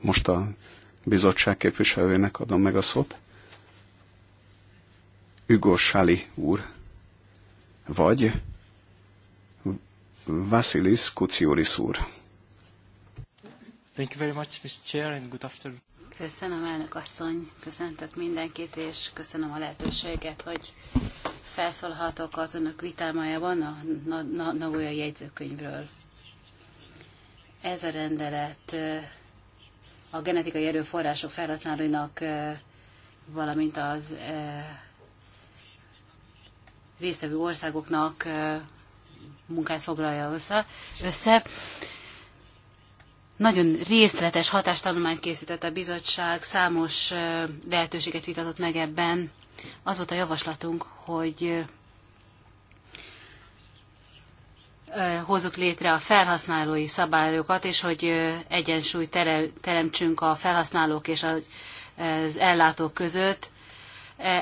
Most a bizottság képviselőjének adom meg a szót. Ügó Sali úr, vagy Vasilis Kuciuris úr. Thank you very much, Mr. Chair, and good afternoon. Köszönöm, elnök asszony, köszöntök mindenkit, és köszönöm a lehetőséget, hogy felszólhatok az önök vitámájában a Nagoya jegyzőkönyvről. Ez a rendelet a genetikai erőforrások felhasználóinak, valamint az részvevő országoknak munkát foglalja össze. Nagyon részletes hatástanulmányt készített a bizottság, számos lehetőséget vitatott meg ebben. Az volt a javaslatunk, hogy hozzuk létre a felhasználói szabályokat, és hogy egyensúly teremtsünk a felhasználók és az ellátók között.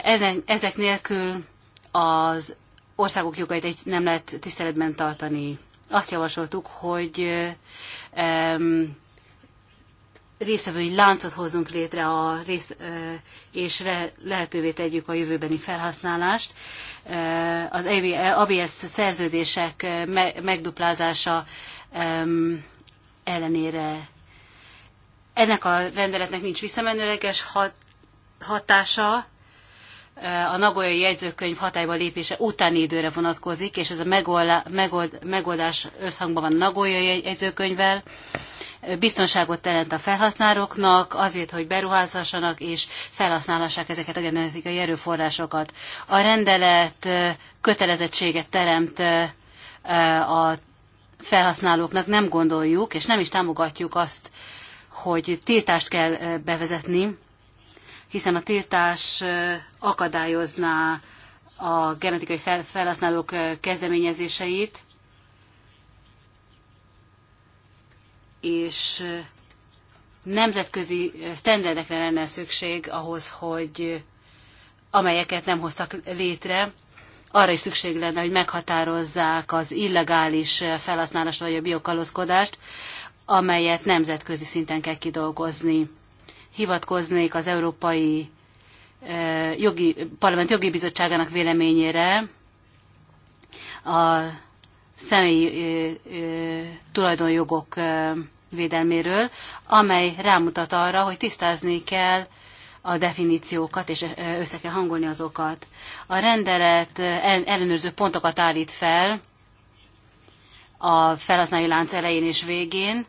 Ezen, ezek nélkül az országok jogait egy nem lehet tiszteletben tartani. Azt javasoltuk, hogy um, részevői láncot hozunk létre, a rész, és lehetővé tegyük a jövőbeni felhasználást. Az ABS szerződések megduplázása ellenére ennek a rendeletnek nincs visszamenőleges hatása, a Nagoyai jegyzőkönyv hatályba lépése utáni időre vonatkozik, és ez a megoldás összhangban van a Nagoyai jegyzőkönyvvel. Biztonságot teremt a felhasználóknak azért, hogy beruházhassanak és felhasználhassák ezeket a genetikai erőforrásokat. A rendelet kötelezettséget teremt a felhasználóknak, nem gondoljuk, és nem is támogatjuk azt, hogy tiltást kell bevezetni hiszen a tiltás akadályozná a genetikai felhasználók kezdeményezéseit, és nemzetközi sztenderdekre lenne szükség ahhoz, hogy amelyeket nem hoztak létre, arra is szükség lenne, hogy meghatározzák az illegális felhasználást vagy a biokalózkodást, amelyet nemzetközi szinten kell kidolgozni hivatkoznék az Európai jogi, Parlament Jogi Bizottságának véleményére a személyi tulajdonjogok védelméről, amely rámutat arra, hogy tisztázni kell a definíciókat, és össze kell hangolni azokat. A rendelet ellenőrző pontokat állít fel a felhasználói lánc elején és végén,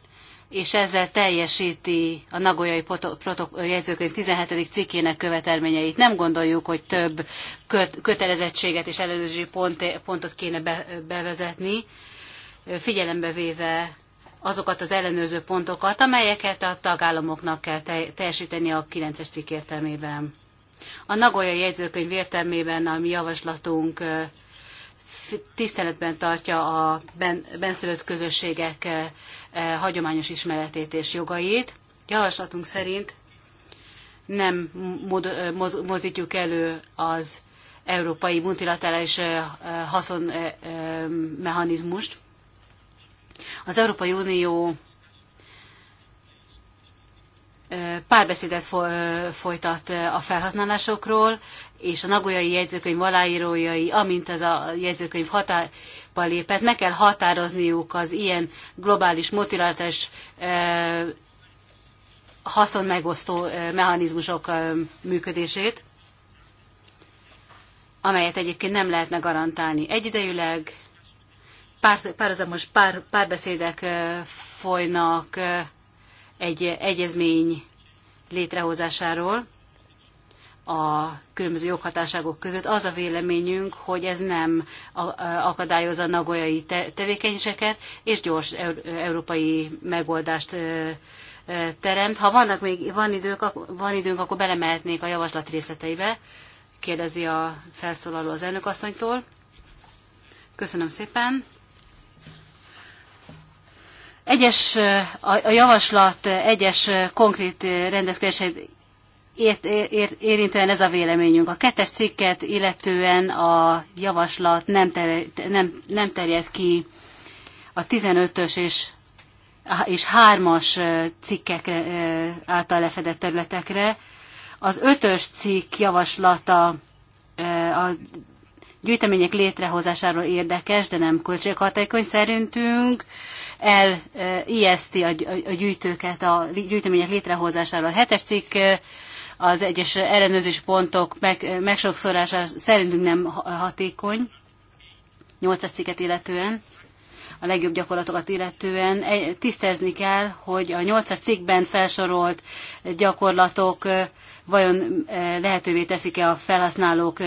és ezzel teljesíti a Nagoyai jegyzőkönyv 17. cikkének követelményeit. Nem gondoljuk, hogy több köt, kötelezettséget és előzési pont, pontot kéne be, bevezetni, figyelembe véve azokat az ellenőrző pontokat, amelyeket a tagállamoknak kell teljesíteni a 9-es cikk értelmében. A Nagoya jegyzőkönyv értelmében a mi javaslatunk tiszteletben tartja a benszülött közösségek eh, eh, hagyományos ismeretét és jogait. Javaslatunk szerint nem eh, mozdítjuk elő az európai multilaterális haszonmechanizmust. Az Európai Unió párbeszédet folytat a felhasználásokról, és a nagolyai jegyzőkönyv aláírójai, amint ez a jegyzőkönyv határba lépett, meg kell határozniuk az ilyen globális, haszon megosztó mechanizmusok működését, amelyet egyébként nem lehetne garantálni. Egyidejűleg pár, párhuzamos pár, párbeszédek folynak egy egyezmény létrehozásáról a különböző joghatáságok között. Az a véleményünk, hogy ez nem akadályozza a nagolyai tevékenységet, és gyors európai megoldást teremt. Ha vannak még, van, idők, van időnk, akkor belemehetnék a javaslat részleteibe, kérdezi a felszólaló az elnökasszonytól. Köszönöm szépen. Egyes, a javaslat egyes konkrét rendezkedését ért, ért, érintően ez a véleményünk. A kettes cikket illetően a javaslat nem, ter, nem, nem terjed ki a 15-ös és, és 3-as cikkek által lefedett területekre. Az 5-ös cikk javaslata a gyűjtemények létrehozásáról érdekes, de nem költséghatékony szerintünk elijeszti a gyűjtőket a gyűjtemények létrehozására. A hetes cikk az egyes ellenőrzés pontok meg, megsokszorása szerintünk nem hatékony, nyolcas cikket illetően, a legjobb gyakorlatokat illetően. tisztezni kell, hogy a nyolcas cikkben felsorolt gyakorlatok vajon lehetővé teszik-e a felhasználók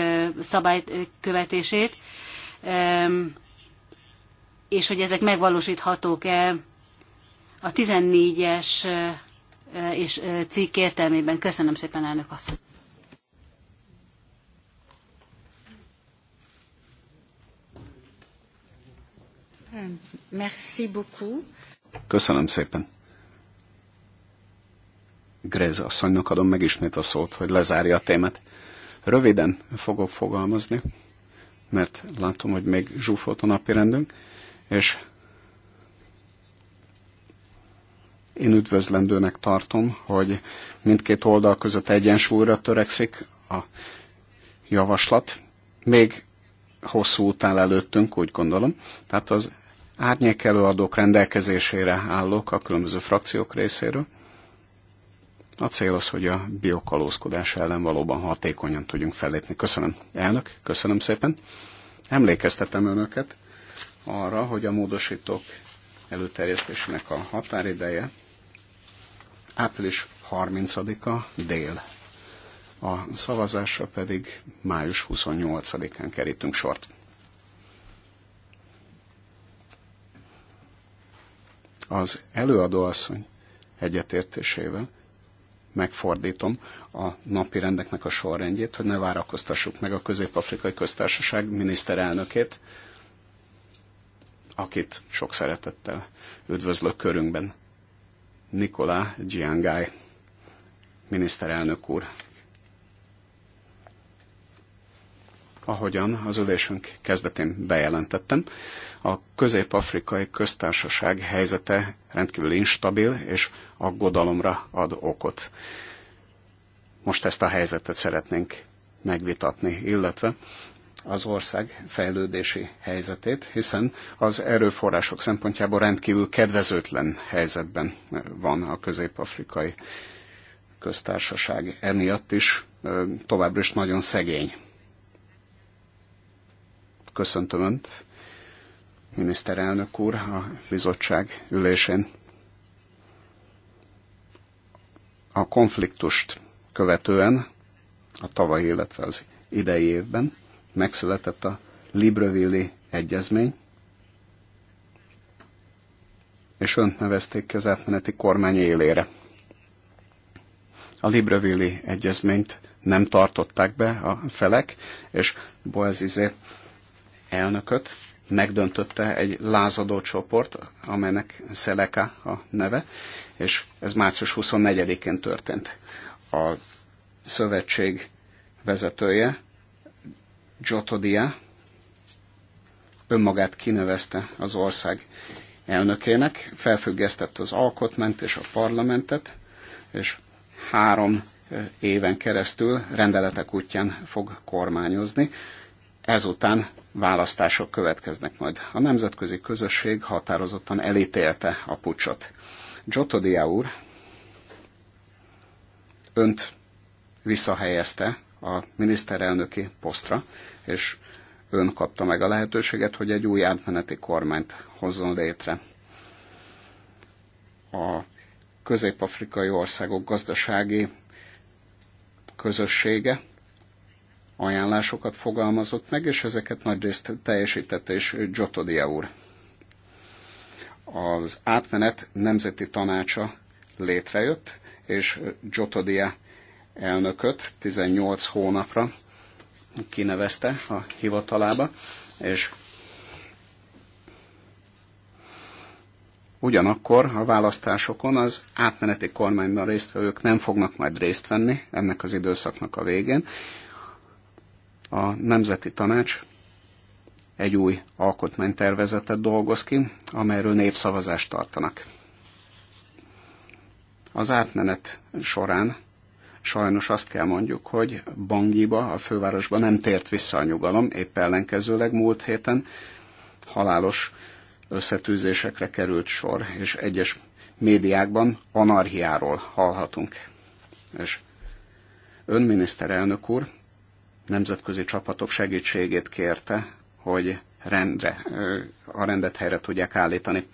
szabálykövetését és hogy ezek megvalósíthatók-e a 14-es és cikk értelmében. Köszönöm szépen, elnök asszony. Merci beaucoup. Köszönöm szépen. Grez asszonynak adom meg ismét a szót, hogy lezárja a témát. Röviden fogok fogalmazni, mert látom, hogy még zsúfolt a napi rendünk és én üdvözlendőnek tartom, hogy mindkét oldal között egyensúlyra törekszik a javaslat. Még hosszú után előttünk, úgy gondolom. Tehát az árnyék előadók rendelkezésére állok a különböző frakciók részéről. A cél az, hogy a biokalózkodás ellen valóban hatékonyan tudjunk fellépni. Köszönöm, elnök, köszönöm szépen. Emlékeztetem önöket, arra, hogy a módosítók előterjesztésének a határideje április 30-a dél. A szavazásra pedig május 28-án kerítünk sort. Az előadóasszony egyetértésével megfordítom a napi rendeknek a sorrendjét, hogy ne várakoztassuk meg a Közép-Afrikai Köztársaság miniszterelnökét, akit sok szeretettel üdvözlök körünkben. Nikolá Giangai, miniszterelnök úr. Ahogyan az ülésünk kezdetén bejelentettem, a közép-afrikai köztársaság helyzete rendkívül instabil és aggodalomra ad okot. Most ezt a helyzetet szeretnénk megvitatni, illetve az ország fejlődési helyzetét, hiszen az erőforrások szempontjából rendkívül kedvezőtlen helyzetben van a közép-afrikai köztársaság. Emiatt is továbbra is nagyon szegény. Köszöntöm Önt, miniszterelnök úr, a bizottság ülésén. A konfliktust követően a tavalyi, illetve az idei évben megszületett a Libreville egyezmény, és önt nevezték ki az átmeneti kormány élére. A Libreville egyezményt nem tartották be a felek, és Boazizé elnököt megdöntötte egy lázadó csoport, amelynek Szeleka a neve, és ez március 24-én történt. A szövetség vezetője Jotodia önmagát kinevezte az ország elnökének, felfüggesztette az alkotmányt és a parlamentet, és három éven keresztül rendeletek útján fog kormányozni. Ezután választások következnek majd. A nemzetközi közösség határozottan elítélte a pucsot. Jotodia úr önt visszahelyezte a miniszterelnöki posztra, és ön kapta meg a lehetőséget, hogy egy új átmeneti kormányt hozzon létre. A közép-afrikai országok gazdasági közössége ajánlásokat fogalmazott meg, és ezeket nagy részt teljesítette is Jotodia úr. Az átmenet nemzeti tanácsa létrejött, és Jotodia elnököt 18 hónapra kinevezte a hivatalába, és Ugyanakkor a választásokon az átmeneti kormányban résztvevők nem fognak majd részt venni ennek az időszaknak a végén. A Nemzeti Tanács egy új alkotmánytervezetet dolgoz ki, amelyről népszavazást tartanak. Az átmenet során sajnos azt kell mondjuk, hogy Bangiba, a fővárosban nem tért vissza a nyugalom, épp ellenkezőleg múlt héten halálos összetűzésekre került sor, és egyes médiákban anarhiáról hallhatunk. És ön miniszterelnök úr nemzetközi csapatok segítségét kérte, hogy rendre, a rendet helyre tudják állítani.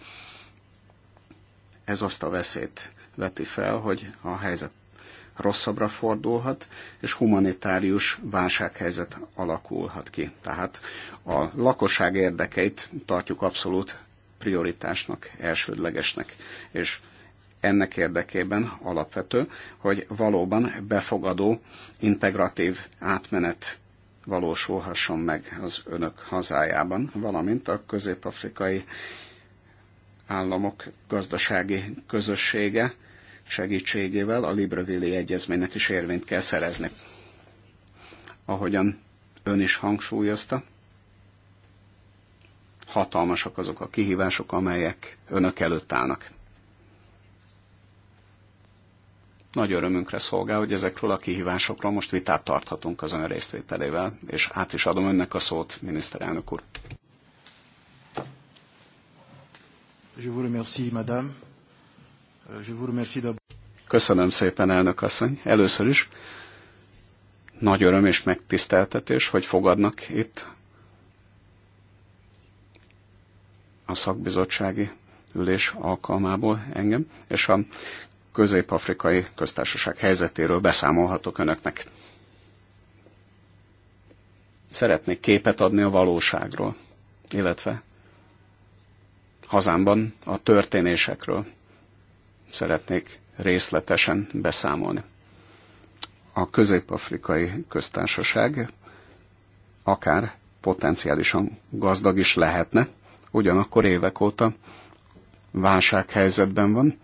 Ez azt a veszélyt veti fel, hogy a helyzet rosszabbra fordulhat, és humanitárius válsághelyzet alakulhat ki. Tehát a lakosság érdekeit tartjuk abszolút prioritásnak, elsődlegesnek, és ennek érdekében alapvető, hogy valóban befogadó, integratív átmenet valósulhasson meg az önök hazájában, valamint a közép-afrikai államok gazdasági közössége segítségével a Libreville egyezménynek is érvényt kell szerezni. Ahogyan ön is hangsúlyozta, hatalmasak azok a kihívások, amelyek önök előtt állnak. Nagy örömünkre szolgál, hogy ezekről a kihívásokról most vitát tarthatunk az ön résztvételével, és át is adom önnek a szót, miniszterelnök úr. Je vous remercie, madame. Köszönöm szépen, elnök asszony. Először is nagy öröm és megtiszteltetés, hogy fogadnak itt a szakbizottsági ülés alkalmából engem, és a közép-afrikai köztársaság helyzetéről beszámolhatok önöknek. Szeretnék képet adni a valóságról, illetve hazámban a történésekről szeretnék részletesen beszámolni. A közép-afrikai köztársaság akár potenciálisan gazdag is lehetne, ugyanakkor évek óta válsághelyzetben van,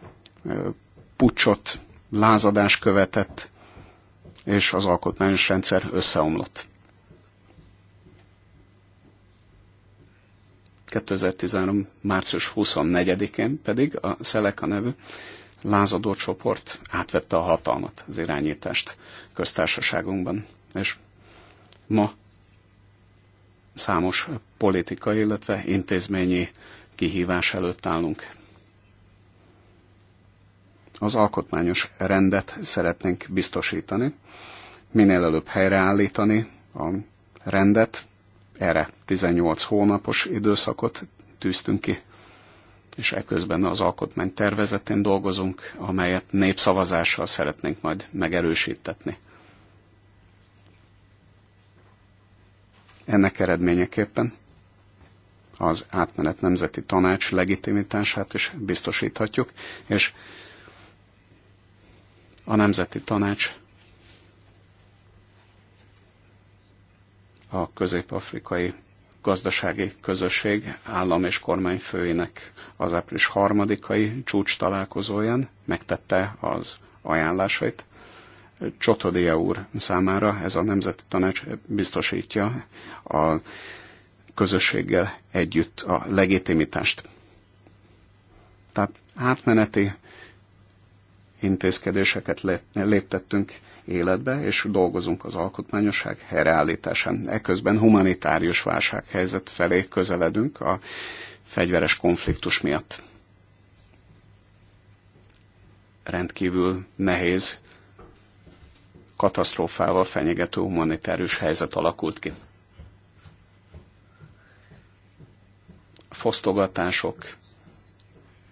pucsot, lázadás követett, és az alkotmányos rendszer összeomlott. 2013. március 24-én pedig a Szeleka nevű lázadó csoport átvette a hatalmat, az irányítást köztársaságunkban. És ma számos politikai, illetve intézményi kihívás előtt állunk. Az alkotmányos rendet szeretnénk biztosítani, minél előbb helyreállítani a rendet, erre 18 hónapos időszakot tűztünk ki és eközben az alkotmány tervezetén dolgozunk, amelyet népszavazással szeretnénk majd megerősítetni. Ennek eredményeképpen az átmenet nemzeti tanács legitimitását is biztosíthatjuk, és a nemzeti tanács a közép-afrikai gazdasági közösség állam és kormányfőinek az április harmadikai csúcs találkozóján megtette az ajánlásait. Csotodia úr számára ez a Nemzeti Tanács biztosítja a közösséggel együtt a legitimitást. Tehát átmeneti intézkedéseket léptettünk életbe, és dolgozunk az alkotmányosság helyreállításán. Ekközben humanitárius válsághelyzet felé közeledünk a fegyveres konfliktus miatt. Rendkívül nehéz katasztrófával fenyegető humanitárius helyzet alakult ki. Fosztogatások,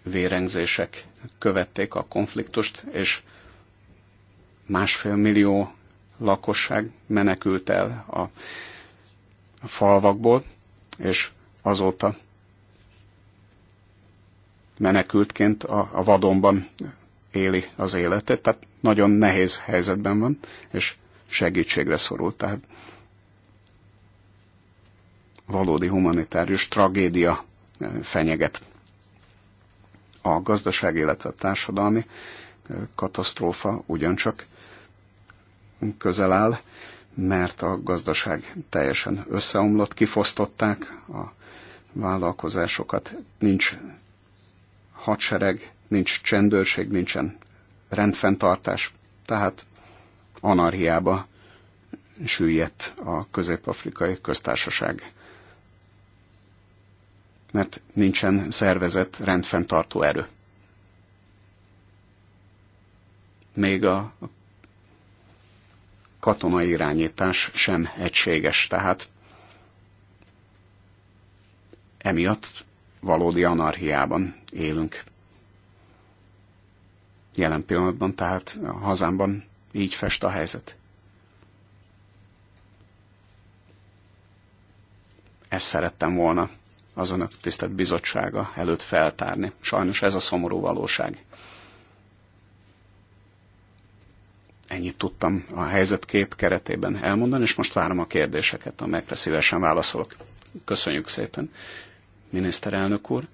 vérengzések követték a konfliktust, és másfél millió lakosság menekült el a falvakból, és azóta menekültként a, a vadonban éli az életet, tehát nagyon nehéz helyzetben van, és segítségre szorult. Tehát valódi humanitárius tragédia eh, fenyeget. A gazdaság, illetve a társadalmi eh, katasztrófa ugyancsak közel áll, mert a gazdaság teljesen összeomlott, kifosztották a vállalkozásokat, nincs hadsereg, nincs csendőrség, nincsen rendfenntartás, tehát anarhiába süllyedt a közép-afrikai köztársaság. Mert nincsen szervezett rendfenntartó erő. Még a katonai irányítás sem egységes. Tehát emiatt valódi anarhiában élünk. Jelen pillanatban tehát a hazámban így fest a helyzet. Ezt szerettem volna az önök tisztelt bizottsága előtt feltárni. Sajnos ez a szomorú valóság. Ennyit tudtam a helyzetkép keretében elmondani, és most várom a kérdéseket, amelyekre szívesen válaszolok. Köszönjük szépen, miniszterelnök úr.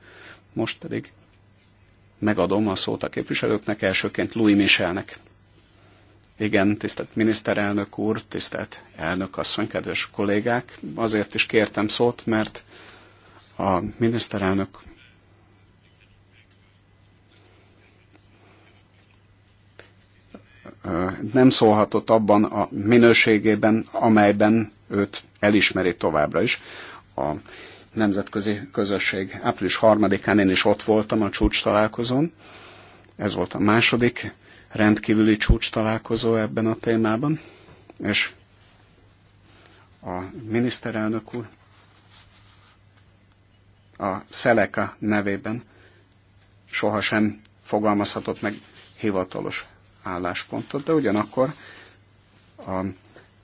Most pedig megadom a szót a képviselőknek, elsőként Louis Michelnek. Igen, tisztelt miniszterelnök úr, tisztelt elnök asszony, kedves kollégák, azért is kértem szót, mert a miniszterelnök nem szólhatott abban a minőségében, amelyben őt elismeri továbbra is a nemzetközi közösség. Április 3-án én is ott voltam a csúcs találkozón. Ez volt a második rendkívüli csúcs találkozó ebben a témában, és a miniszterelnök úr a Szeleka nevében sohasem fogalmazhatott meg hivatalos álláspontot, de ugyanakkor a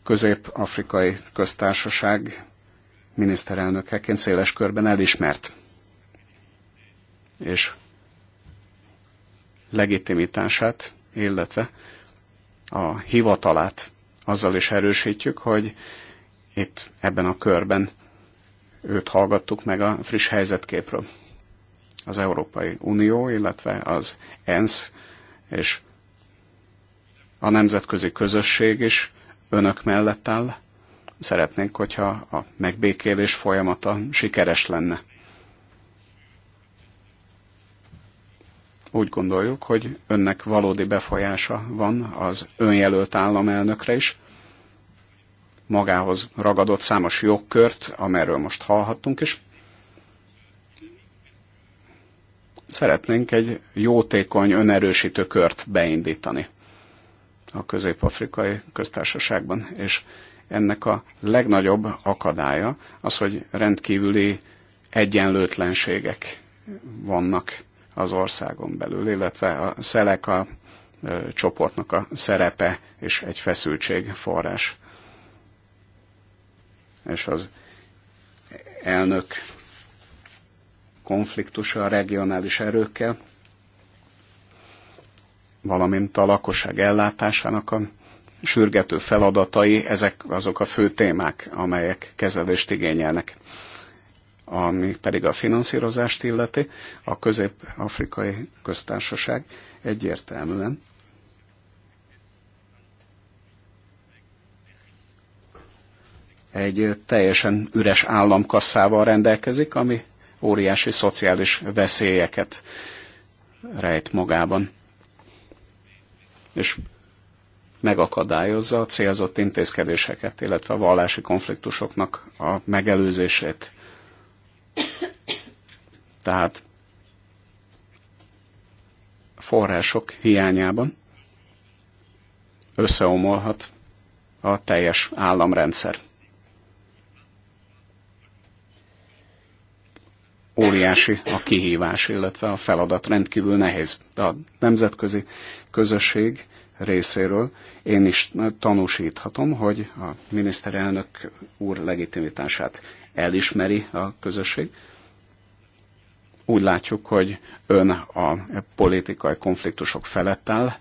közép-afrikai köztársaság miniszterelnökeként széles körben elismert. És legitimitását, illetve a hivatalát azzal is erősítjük, hogy itt ebben a körben őt hallgattuk meg a friss helyzetképről. Az Európai Unió, illetve az ENSZ és a nemzetközi közösség is önök mellett áll. Szeretnénk, hogyha a megbékélés folyamata sikeres lenne. Úgy gondoljuk, hogy önnek valódi befolyása van az önjelölt államelnökre is, magához ragadott számos jogkört, amerről most hallhattunk, és szeretnénk egy jótékony, önerősítő kört beindítani a közép-afrikai köztársaságban, és ennek a legnagyobb akadálya az, hogy rendkívüli egyenlőtlenségek vannak az országon belül, illetve a szelek a csoportnak a szerepe és egy feszültség forrás. És az elnök konfliktusa a regionális erőkkel valamint a lakosság ellátásának a sürgető feladatai, ezek azok a fő témák, amelyek kezelést igényelnek. Ami pedig a finanszírozást illeti, a Közép-Afrikai Köztársaság egyértelműen egy teljesen üres államkasszával rendelkezik, ami óriási szociális veszélyeket rejt magában és megakadályozza a célzott intézkedéseket, illetve a vallási konfliktusoknak a megelőzését. Tehát források hiányában összeomolhat a teljes államrendszer. óriási a kihívás, illetve a feladat rendkívül nehéz. De a nemzetközi közösség részéről én is tanúsíthatom, hogy a miniszterelnök úr legitimitását elismeri a közösség. Úgy látjuk, hogy ön a politikai konfliktusok felett áll,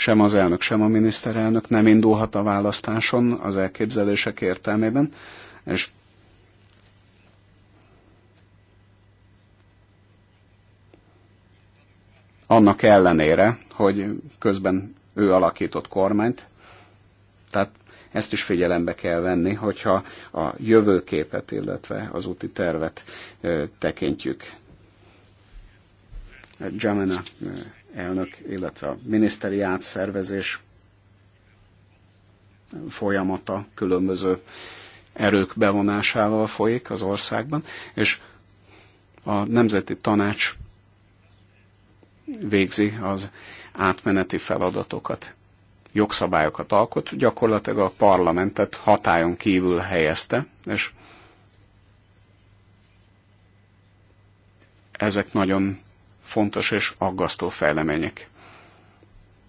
sem az elnök, sem a miniszterelnök nem indulhat a választáson az elképzelések értelmében, és annak ellenére, hogy közben ő alakított kormányt, tehát ezt is figyelembe kell venni, hogyha a jövőképet, illetve az úti tervet ö, tekintjük. Jamena elnök, illetve a miniszteri átszervezés folyamata különböző erők bevonásával folyik az országban, és a Nemzeti Tanács végzi az átmeneti feladatokat, jogszabályokat alkot, gyakorlatilag a parlamentet hatájon kívül helyezte, és ezek nagyon fontos és aggasztó fejlemények.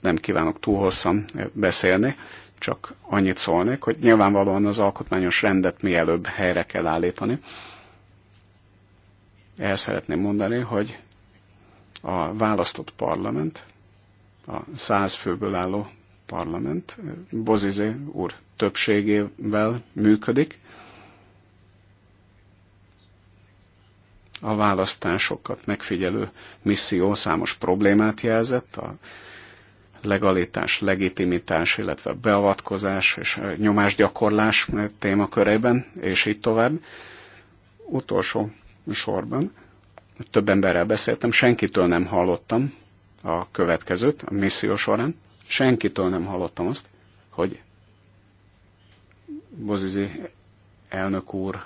Nem kívánok túl hosszan eh, beszélni, csak annyit szólnék, hogy nyilvánvalóan az alkotmányos rendet mielőbb helyre kell állítani. El szeretném mondani, hogy a választott parlament, a száz főből álló parlament, eh, Bozizé úr többségével működik, a választásokat megfigyelő misszió számos problémát jelzett, a legalitás, legitimitás, illetve beavatkozás és nyomásgyakorlás témakörében, és így tovább. Utolsó sorban több emberrel beszéltem, senkitől nem hallottam a következőt a misszió során, senkitől nem hallottam azt, hogy Bozizi elnök úr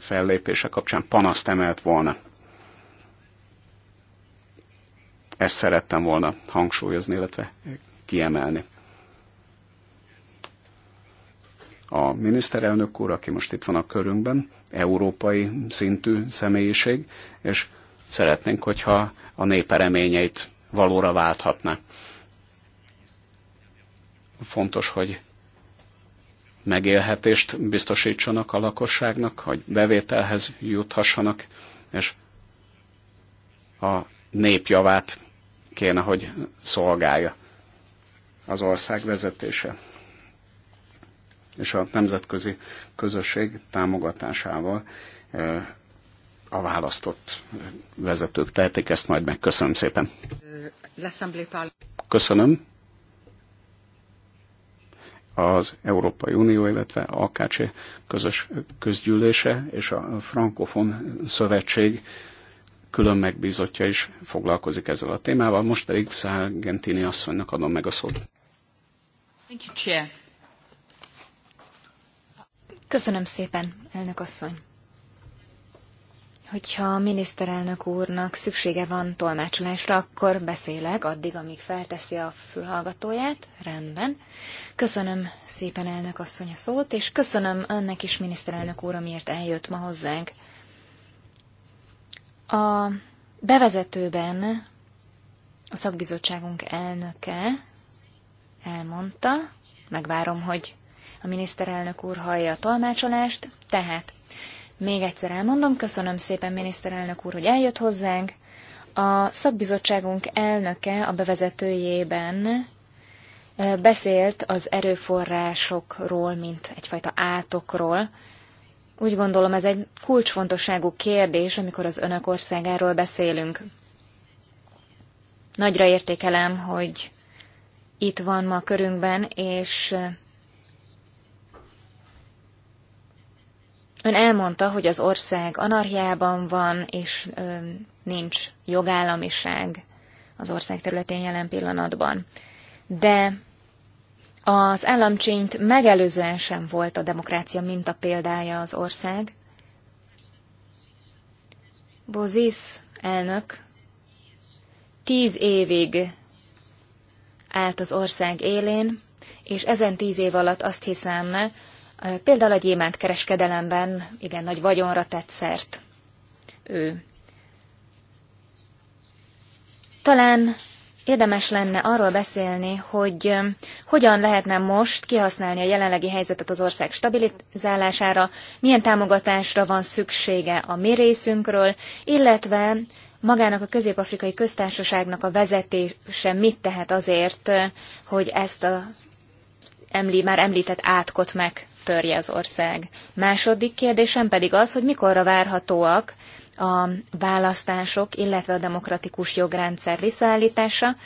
fellépése kapcsán panaszt emelt volna. Ezt szerettem volna hangsúlyozni, illetve kiemelni. A miniszterelnök úr, aki most itt van a körünkben, európai szintű személyiség, és szeretnénk, hogyha a népereményeit reményeit valóra válthatna. Fontos, hogy megélhetést biztosítsanak a lakosságnak, hogy bevételhez juthassanak, és a népjavát kéne, hogy szolgálja az ország vezetése. És a nemzetközi közösség támogatásával a választott vezetők tehetik ezt majd meg. Köszönöm szépen. Köszönöm az Európai Unió, illetve AKC közös közgyűlése és a Frankofon Szövetség külön megbízottja is foglalkozik ezzel a témával. Most pedig Szárgentini asszonynak adom meg a szót. Thank you, Chair. Köszönöm szépen, elnök asszony hogyha a miniszterelnök úrnak szüksége van tolmácsolásra, akkor beszélek addig, amíg felteszi a fülhallgatóját. Rendben. Köszönöm szépen elnök asszony a szót, és köszönöm önnek is, miniszterelnök úr, amiért eljött ma hozzánk. A bevezetőben a szakbizottságunk elnöke elmondta, megvárom, hogy a miniszterelnök úr hallja a tolmácsolást, tehát még egyszer elmondom, köszönöm szépen miniszterelnök úr, hogy eljött hozzánk. A szakbizottságunk elnöke a bevezetőjében beszélt az erőforrásokról, mint egyfajta átokról. Úgy gondolom, ez egy kulcsfontosságú kérdés, amikor az önök országáról beszélünk. Nagyra értékelem, hogy itt van ma körünkben, és Ön elmondta, hogy az ország anarchiában van, és ö, nincs jogállamiság az ország területén jelen pillanatban. De az államcsényt megelőzően sem volt a demokrácia minta példája az ország. Bozis elnök tíz évig állt az ország élén, és ezen tíz év alatt azt hiszem, Például a gyémánt kereskedelemben igen nagy vagyonra tett szert ő. Talán érdemes lenne arról beszélni, hogy hogyan lehetne most kihasználni a jelenlegi helyzetet az ország stabilizálására, milyen támogatásra van szüksége a mi részünkről, illetve magának a közép-afrikai köztársaságnak a vezetése mit tehet azért, hogy ezt a emlí, már említett átkot meg törje az ország. Második kérdésem pedig az, hogy mikorra várhatóak a választások, illetve a demokratikus jogrendszer visszaállítása.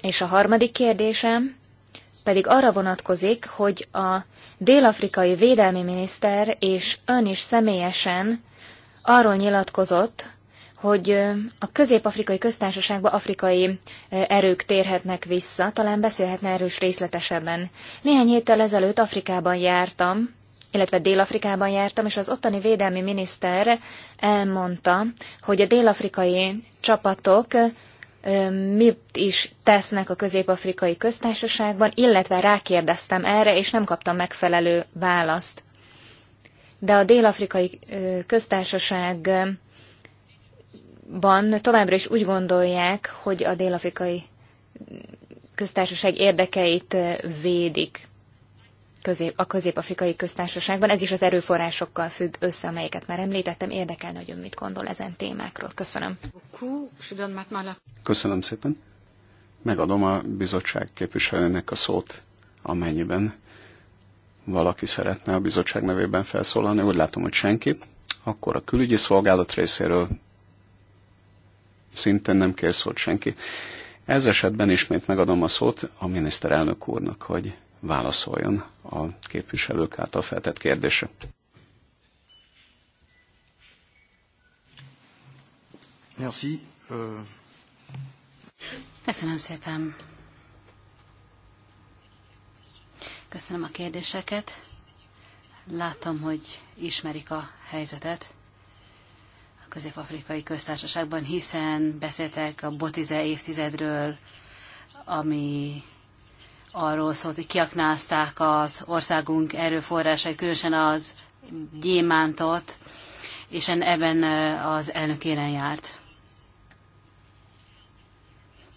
És a harmadik kérdésem pedig arra vonatkozik, hogy a dél-afrikai védelmi miniszter és ön is személyesen arról nyilatkozott, hogy a közép-afrikai köztársaságba afrikai erők térhetnek vissza, talán beszélhetne is részletesebben. Néhány héttel ezelőtt Afrikában jártam, illetve Dél-Afrikában jártam, és az ottani védelmi miniszter elmondta, hogy a dél-afrikai csapatok mit is tesznek a közép-afrikai köztársaságban, illetve rákérdeztem erre, és nem kaptam megfelelő választ. De a dél-afrikai köztársaság ban továbbra is úgy gondolják, hogy a dél-afrikai köztársaság érdekeit eh, védik közép, a közép-afrikai köztársaságban. Ez is az erőforrásokkal függ össze, amelyeket már említettem. Érdekel nagyon, mit gondol ezen témákról. Köszönöm. Köszönöm szépen. Megadom a bizottság képviselőnek a szót, amennyiben valaki szeretne a bizottság nevében felszólalni. Úgy látom, hogy senki. Akkor a külügyi szolgálat részéről szintén nem kér szót senki. Ez esetben ismét megadom a szót a miniszterelnök úrnak, hogy válaszoljon a képviselők által feltett kérdésre. Merci. Euh. Köszönöm szépen. Köszönöm a kérdéseket. Látom, hogy ismerik a helyzetet. Közép-Afrikai Köztársaságban, hiszen beszéltek a Botize évtizedről, ami arról szólt, hogy kiaknázták az országunk erőforrásait, különösen az gyémántot, és ebben az elnök élen járt.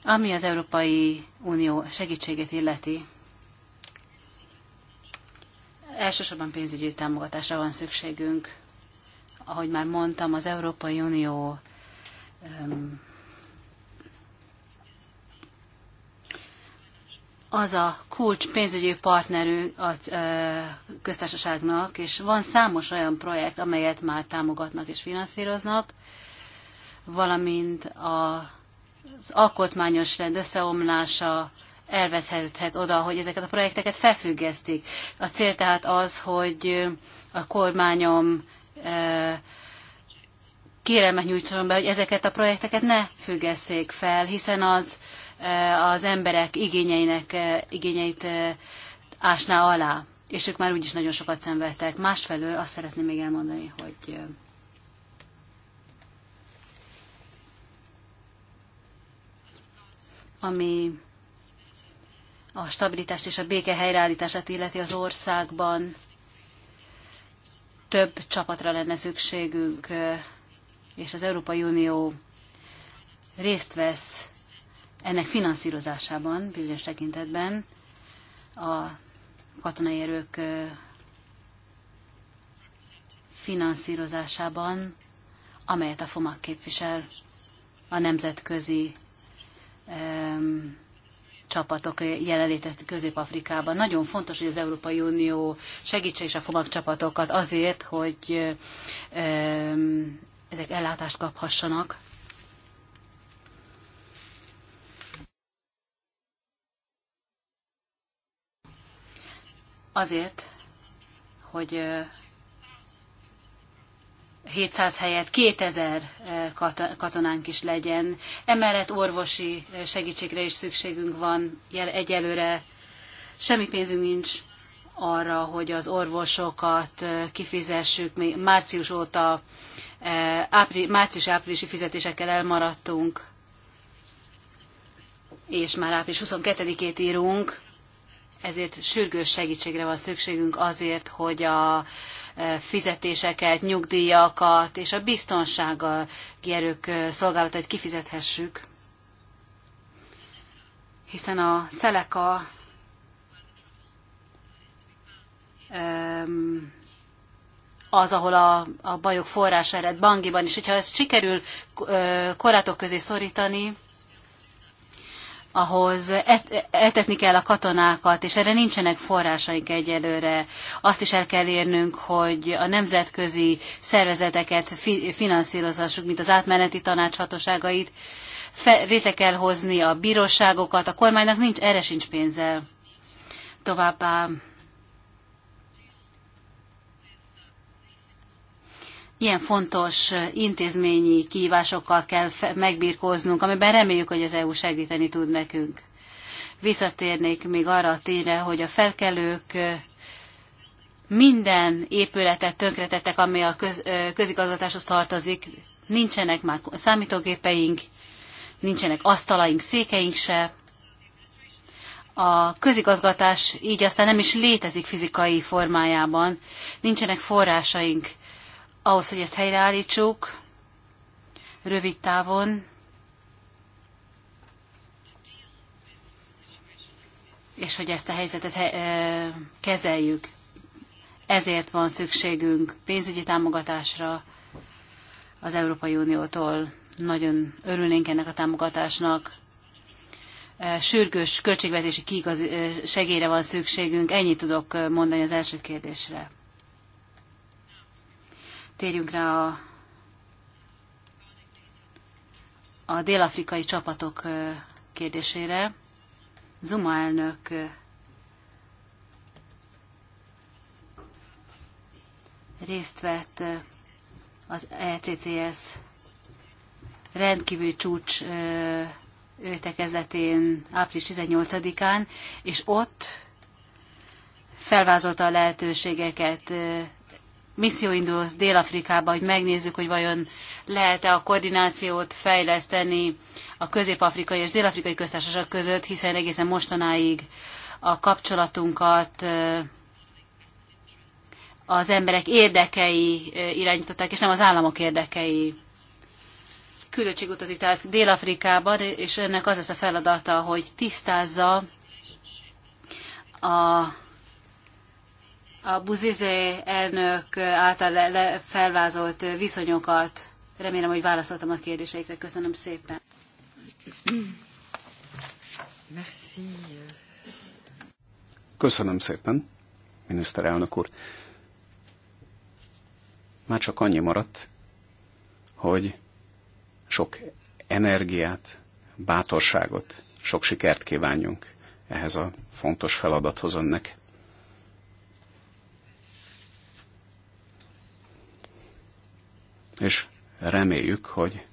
Ami az Európai Unió segítségét illeti, elsősorban pénzügyi támogatásra van szükségünk ahogy már mondtam, az Európai Unió az a kulcs pénzügyi partnerű a e, köztársaságnak, és van számos olyan projekt, amelyet már támogatnak és finanszíroznak, valamint az alkotmányos rend összeomlása elvezhethet oda, hogy ezeket a projekteket felfüggesztik. A cél tehát az, hogy a kormányom kérelmet nyújtson be, hogy ezeket a projekteket ne függesszék fel, hiszen az az emberek igényeinek, igényeit ásná alá, és ők már úgyis nagyon sokat szenvedtek. Másfelől azt szeretném még elmondani, hogy ami a stabilitást és a béke helyreállítását illeti az országban, több csapatra lenne szükségünk, és az Európai Unió részt vesz ennek finanszírozásában bizonyos tekintetben a katonai erők finanszírozásában, amelyet a FOMAK képvisel a nemzetközi um, csapatok jelenléte Közép-Afrikában. Nagyon fontos, hogy az Európai Unió segítse is a fomak csapatokat azért, hogy ezek ellátást kaphassanak. Azért, hogy 700 helyett 2000 eh, katonánk is legyen. Emellett orvosi eh, segítségre is szükségünk van egyelőre. Semmi pénzünk nincs arra, hogy az orvosokat eh, kifizessük. Még március óta, április, március-áprilisi fizetésekkel elmaradtunk, és már április 22-ét írunk, ezért sürgős segítségre van szükségünk azért, hogy a fizetéseket, nyugdíjakat és a biztonsággal erők szolgálatait kifizethessük. Hiszen a Szeleka az, ahol a, a bajok forrás ered Bangiban is. Hogyha ezt sikerül korlátok közé szorítani, ahhoz et, etetni kell a katonákat, és erre nincsenek forrásaink egyelőre. Azt is el kell érnünk, hogy a nemzetközi szervezeteket fi, finanszírozhassuk, mint az átmeneti tanácshatóságait. hatóságait. létre kell hozni a bíróságokat, a kormánynak nincs, erre sincs pénze. Továbbá ilyen fontos intézményi kihívásokkal kell megbírkoznunk, amiben reméljük, hogy az EU segíteni tud nekünk. Visszatérnék még arra a tényre, hogy a felkelők minden épületet tönkretettek, ami a köz, közigazgatáshoz tartozik. Nincsenek már számítógépeink, nincsenek asztalaink, székeink se. A közigazgatás így aztán nem is létezik fizikai formájában, nincsenek forrásaink ahhoz, hogy ezt helyreállítsuk, rövid távon, és hogy ezt a helyzetet e, kezeljük. Ezért van szükségünk pénzügyi támogatásra az Európai Uniótól. Nagyon örülnénk ennek a támogatásnak. E, sürgős költségvetési kiigaz, e, segélyre van szükségünk. Ennyit tudok mondani az első kérdésre térjünk rá a, a dél-afrikai csapatok kérdésére. Zuma elnök részt vett az ECCS rendkívüli csúcs őtekezletén április 18-án, és ott felvázolta a lehetőségeket misszió indul Dél-Afrikába, hogy megnézzük, hogy vajon lehet-e a koordinációt fejleszteni a közép-afrikai és dél-afrikai köztársaság között, hiszen egészen mostanáig a kapcsolatunkat az emberek érdekei irányították, és nem az államok érdekei. Küldöttség utazik tehát Dél-Afrikában, és ennek az lesz a feladata, hogy tisztázza a a Buzizé elnök által le, le, felvázolt viszonyokat. Remélem, hogy válaszoltam a kérdéseikre. Köszönöm szépen. Merci. Köszönöm szépen, miniszterelnök úr. Már csak annyi maradt, hogy sok energiát, bátorságot, sok sikert kívánjunk ehhez a fontos feladathoz önnek. és reméljük, hogy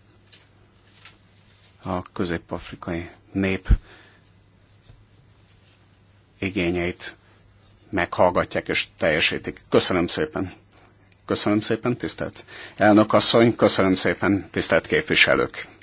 a közép-afrikai nép igényeit meghallgatják és teljesítik. Köszönöm szépen! Köszönöm szépen, tisztelt elnök asszony, köszönöm szépen, tisztelt képviselők!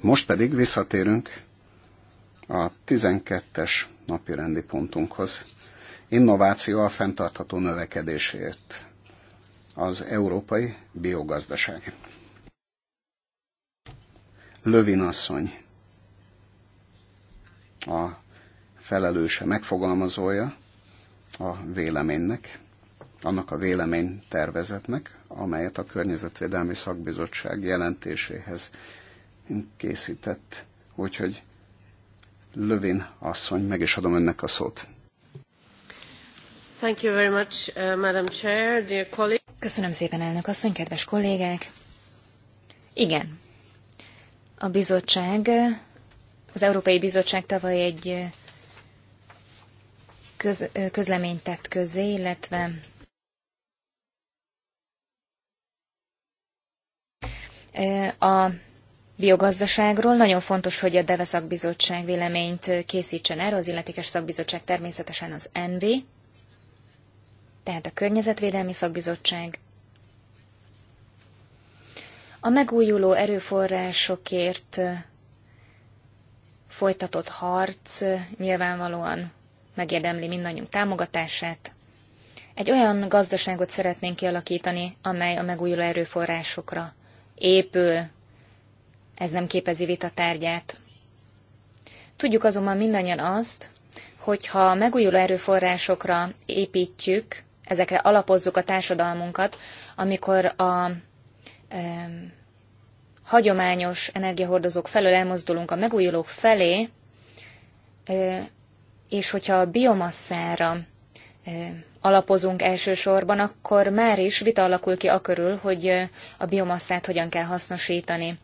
Most pedig visszatérünk a 12-es napi rendi pontunkhoz. Innováció a fenntartható növekedésért. Az európai biogazdaság. Lövin asszony a felelőse megfogalmazója a véleménynek, annak a vélemény tervezetnek, amelyet a Környezetvédelmi Szakbizottság jelentéséhez készített. Úgyhogy Lövin asszony, meg is adom önnek a szót. Thank you very much, uh, Madam Chair, dear colleague. Köszönöm szépen, elnök asszony, kedves kollégák. Igen, a bizottság, az Európai Bizottság tavaly egy köz, közleményt tett közé, illetve a biogazdaságról. Nagyon fontos, hogy a DEVE szakbizottság véleményt készítsen erre, az illetékes szakbizottság természetesen az NV, tehát a Környezetvédelmi Szakbizottság. A megújuló erőforrásokért folytatott harc nyilvánvalóan megérdemli mindannyiunk támogatását. Egy olyan gazdaságot szeretnénk kialakítani, amely a megújuló erőforrásokra épül, ez nem képezi vita tárgyát. Tudjuk azonban mindannyian azt, hogy ha megújuló erőforrásokra építjük, ezekre alapozzuk a társadalmunkat, amikor a e, hagyományos energiahordozók felől elmozdulunk a megújulók felé, e, és hogyha a biomasszára e, alapozunk elsősorban, akkor már is vita alakul ki akörül, hogy a biomasszát hogyan kell hasznosítani.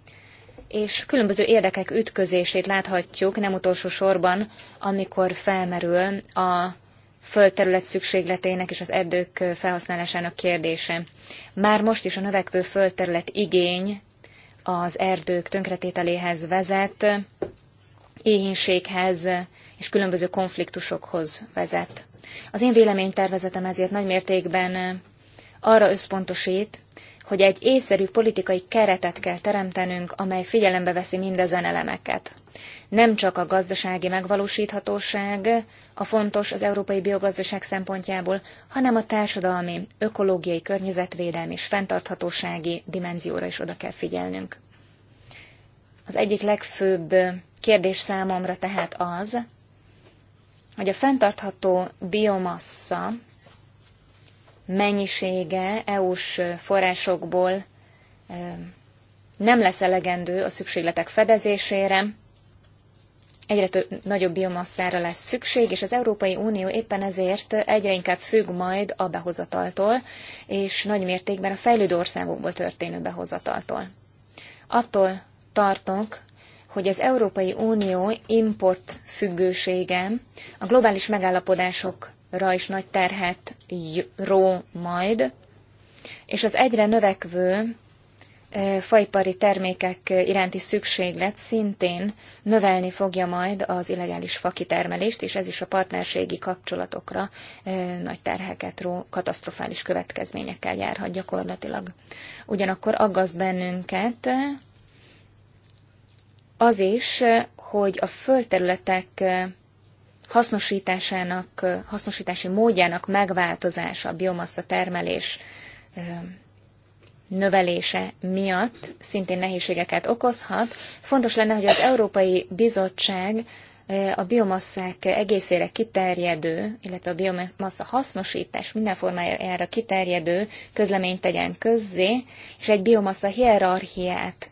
És különböző érdekek ütközését láthatjuk nem utolsó sorban, amikor felmerül a földterület szükségletének és az erdők felhasználásának kérdése. Már most is a növekvő földterület igény az erdők tönkretételéhez vezet, éhénységhez és különböző konfliktusokhoz vezet. Az én véleménytervezetem ezért nagymértékben arra összpontosít, hogy egy észszerű politikai keretet kell teremtenünk, amely figyelembe veszi mindezen elemeket. Nem csak a gazdasági megvalósíthatóság a fontos az európai biogazdaság szempontjából, hanem a társadalmi, ökológiai, környezetvédelmi és fenntarthatósági dimenzióra is oda kell figyelnünk. Az egyik legfőbb kérdés számomra tehát az, hogy a fenntartható biomassa mennyisége EU-s forrásokból nem lesz elegendő a szükségletek fedezésére, egyre több, nagyobb biomasszára lesz szükség, és az Európai Unió éppen ezért egyre inkább függ majd a behozataltól, és nagy mértékben a fejlődő országokból történő behozataltól. Attól tartok, hogy az Európai Unió import függősége a globális megállapodásokra is nagy terhet ró majd, és az egyre növekvő e, faipari termékek iránti szükséglet szintén növelni fogja majd az illegális fakitermelést, és ez is a partnerségi kapcsolatokra e, nagy terheket ró, katasztrofális következményekkel járhat gyakorlatilag. Ugyanakkor aggaszt bennünket az is, eh, hogy a földterületek eh, hasznosításának, eh, hasznosítási módjának megváltozása a biomassa termelés növelése miatt szintén nehézségeket okozhat. Fontos lenne, hogy az Európai Bizottság a biomasszák egészére kiterjedő, illetve a biomassa hasznosítás minden formájára kiterjedő közleményt tegyen közzé, és egy biomassa hierarchiát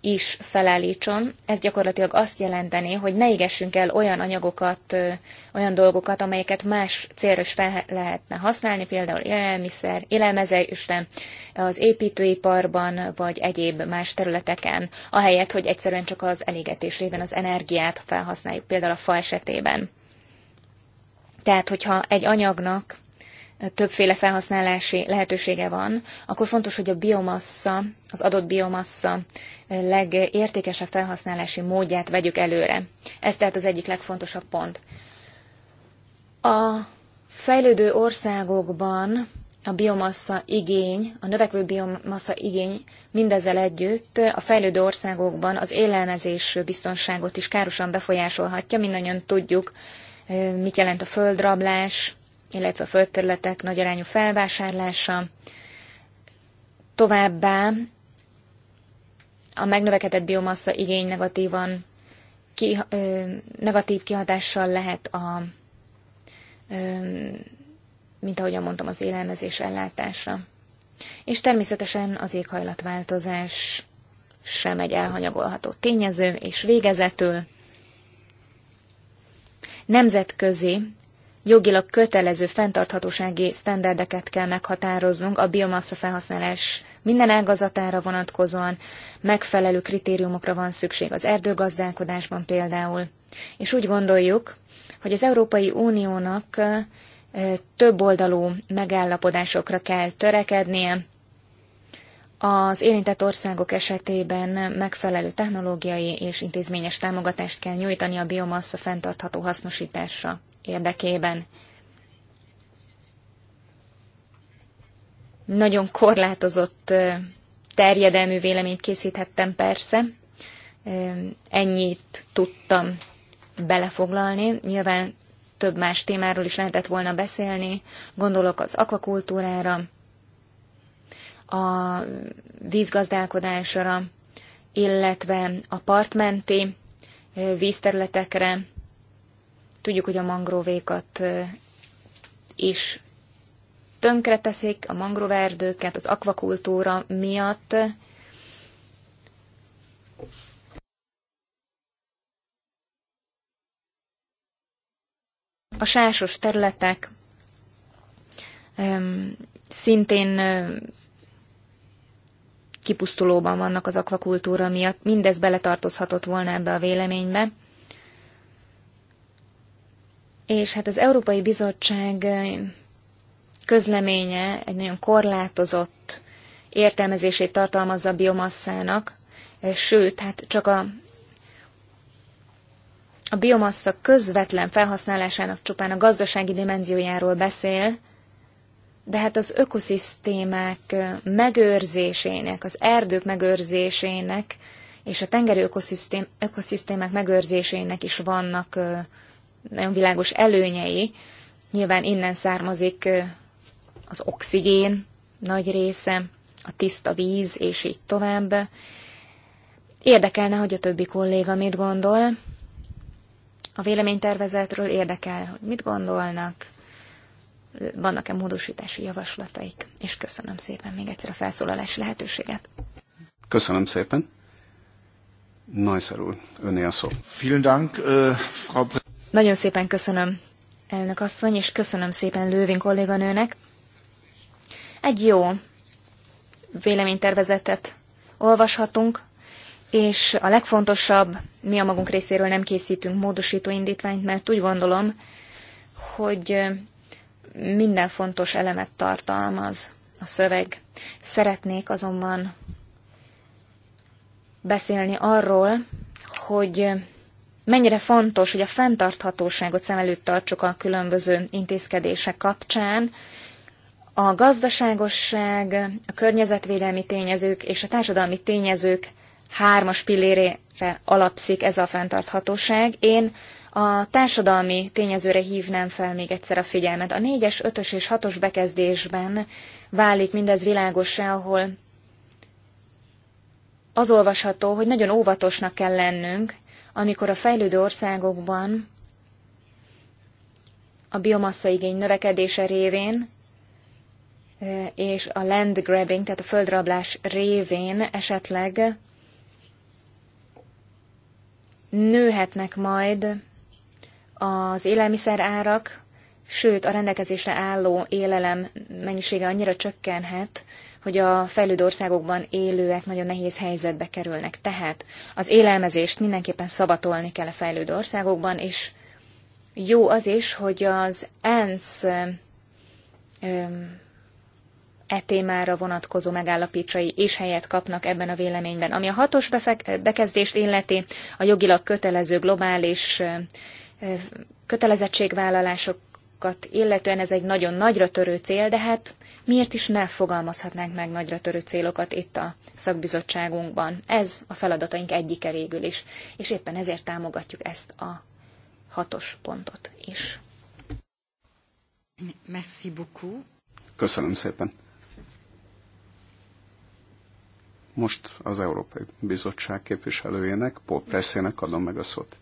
is felállítson. Ez gyakorlatilag azt jelenteni, hogy ne égessünk el olyan anyagokat, olyan dolgokat, amelyeket más célra is fel lehetne használni, például élelmiszer, élelmezésre, az építőiparban, vagy egyéb más területeken, ahelyett, hogy egyszerűen csak az elégetés révén az energiát felhasználjuk, például a fa esetében. Tehát, hogyha egy anyagnak többféle felhasználási lehetősége van, akkor fontos, hogy a biomassa, az adott biomassa eh, legértékesebb felhasználási módját vegyük előre. Ez tehát az egyik legfontosabb pont. A fejlődő országokban a biomassa igény, a növekvő biomassa igény mindezzel együtt a fejlődő országokban az élelmezés biztonságot is károsan befolyásolhatja. Mindannyian tudjuk, eh, mit jelent a földrablás, illetve a földterületek nagy arányú felvásárlása, továbbá a megnövekedett biomassa igény negatívan, ki, ö, negatív kihatással lehet a, ö, mint ahogyan mondtam, az élelmezés ellátása. És természetesen az éghajlatváltozás sem egy elhanyagolható tényező, és végezetül nemzetközi jogilag kötelező fenntarthatósági sztenderdeket kell meghatároznunk a biomassa felhasználás minden ágazatára vonatkozóan, megfelelő kritériumokra van szükség az erdőgazdálkodásban például. És úgy gondoljuk, hogy az Európai Uniónak többoldalú megállapodásokra kell törekednie, az érintett országok esetében megfelelő technológiai és intézményes támogatást kell nyújtani a biomassa fenntartható hasznosításra érdekében. Nagyon korlátozott terjedelmű véleményt készíthettem persze, ennyit tudtam belefoglalni. Nyilván több más témáról is lehetett volna beszélni, gondolok az akvakultúrára, a vízgazdálkodásra, illetve a partmenti vízterületekre, Tudjuk, hogy a mangrovékat is tönkreteszik, a mangroverdőket az akvakultúra miatt. A sásos területek szintén kipusztulóban vannak az akvakultúra miatt, mindez beletartozhatott volna ebbe a véleménybe és hát az Európai Bizottság eh, közleménye egy nagyon korlátozott értelmezését tartalmazza a biomasszának, eh, sőt, hát csak a, a biomassa közvetlen felhasználásának csupán a gazdasági dimenziójáról beszél, de hát az ökoszisztémák eh, megőrzésének, az erdők megőrzésének és a tengeri ökoszisztém, ökoszisztémák megőrzésének is vannak nagyon világos előnyei. Nyilván innen származik az oxigén nagy része, a tiszta víz, és így tovább. Érdekelne, hogy a többi kolléga mit gondol. A véleménytervezetről érdekel, hogy mit gondolnak, vannak-e módosítási javaslataik, és köszönöm szépen még egyszer a felszólalás lehetőséget. Köszönöm szépen. Nagyszerű úr, a szó. Vielen Dank, äh, Frau nagyon szépen köszönöm, elnök asszony, és köszönöm szépen Lővin kolléganőnek. Egy jó véleménytervezetet olvashatunk, és a legfontosabb, mi a magunk részéről nem készítünk módosító indítványt, mert úgy gondolom, hogy minden fontos elemet tartalmaz a szöveg. Szeretnék azonban beszélni arról, hogy mennyire fontos, hogy a fenntarthatóságot szem előtt tartsuk a különböző intézkedések kapcsán, a gazdaságosság, a környezetvédelmi tényezők és a társadalmi tényezők hármas pillérére alapszik ez a fenntarthatóság. Én a társadalmi tényezőre hívnám fel még egyszer a figyelmet. A négyes, ötös és hatos bekezdésben válik mindez világosra, ahol az olvasható, hogy nagyon óvatosnak kell lennünk, amikor a fejlődő országokban a biomassa igény növekedése révén és a land grabbing, tehát a földrablás révén esetleg nőhetnek majd az élelmiszer árak. sőt a rendelkezésre álló élelem mennyisége annyira csökkenhet, hogy a fejlődő országokban élőek nagyon nehéz helyzetbe kerülnek. Tehát az élelmezést mindenképpen szabatolni kell a fejlődő országokban, és jó az is, hogy az ENSZ e témára vonatkozó megállapítsai is helyet kapnak ebben a véleményben. Ami a hatos bekezdést illeti, a jogilag kötelező globális kötelezettségvállalások célokat illetően ez egy nagyon nagyra törő cél, de hát miért is ne fogalmazhatnánk meg nagyra törő célokat itt a szakbizottságunkban? Ez a feladataink egyike végül is, és éppen ezért támogatjuk ezt a hatos pontot is. Merci beaucoup. Köszönöm szépen. Most az Európai Bizottság képviselőjének, Paul Pressének adom meg a szót,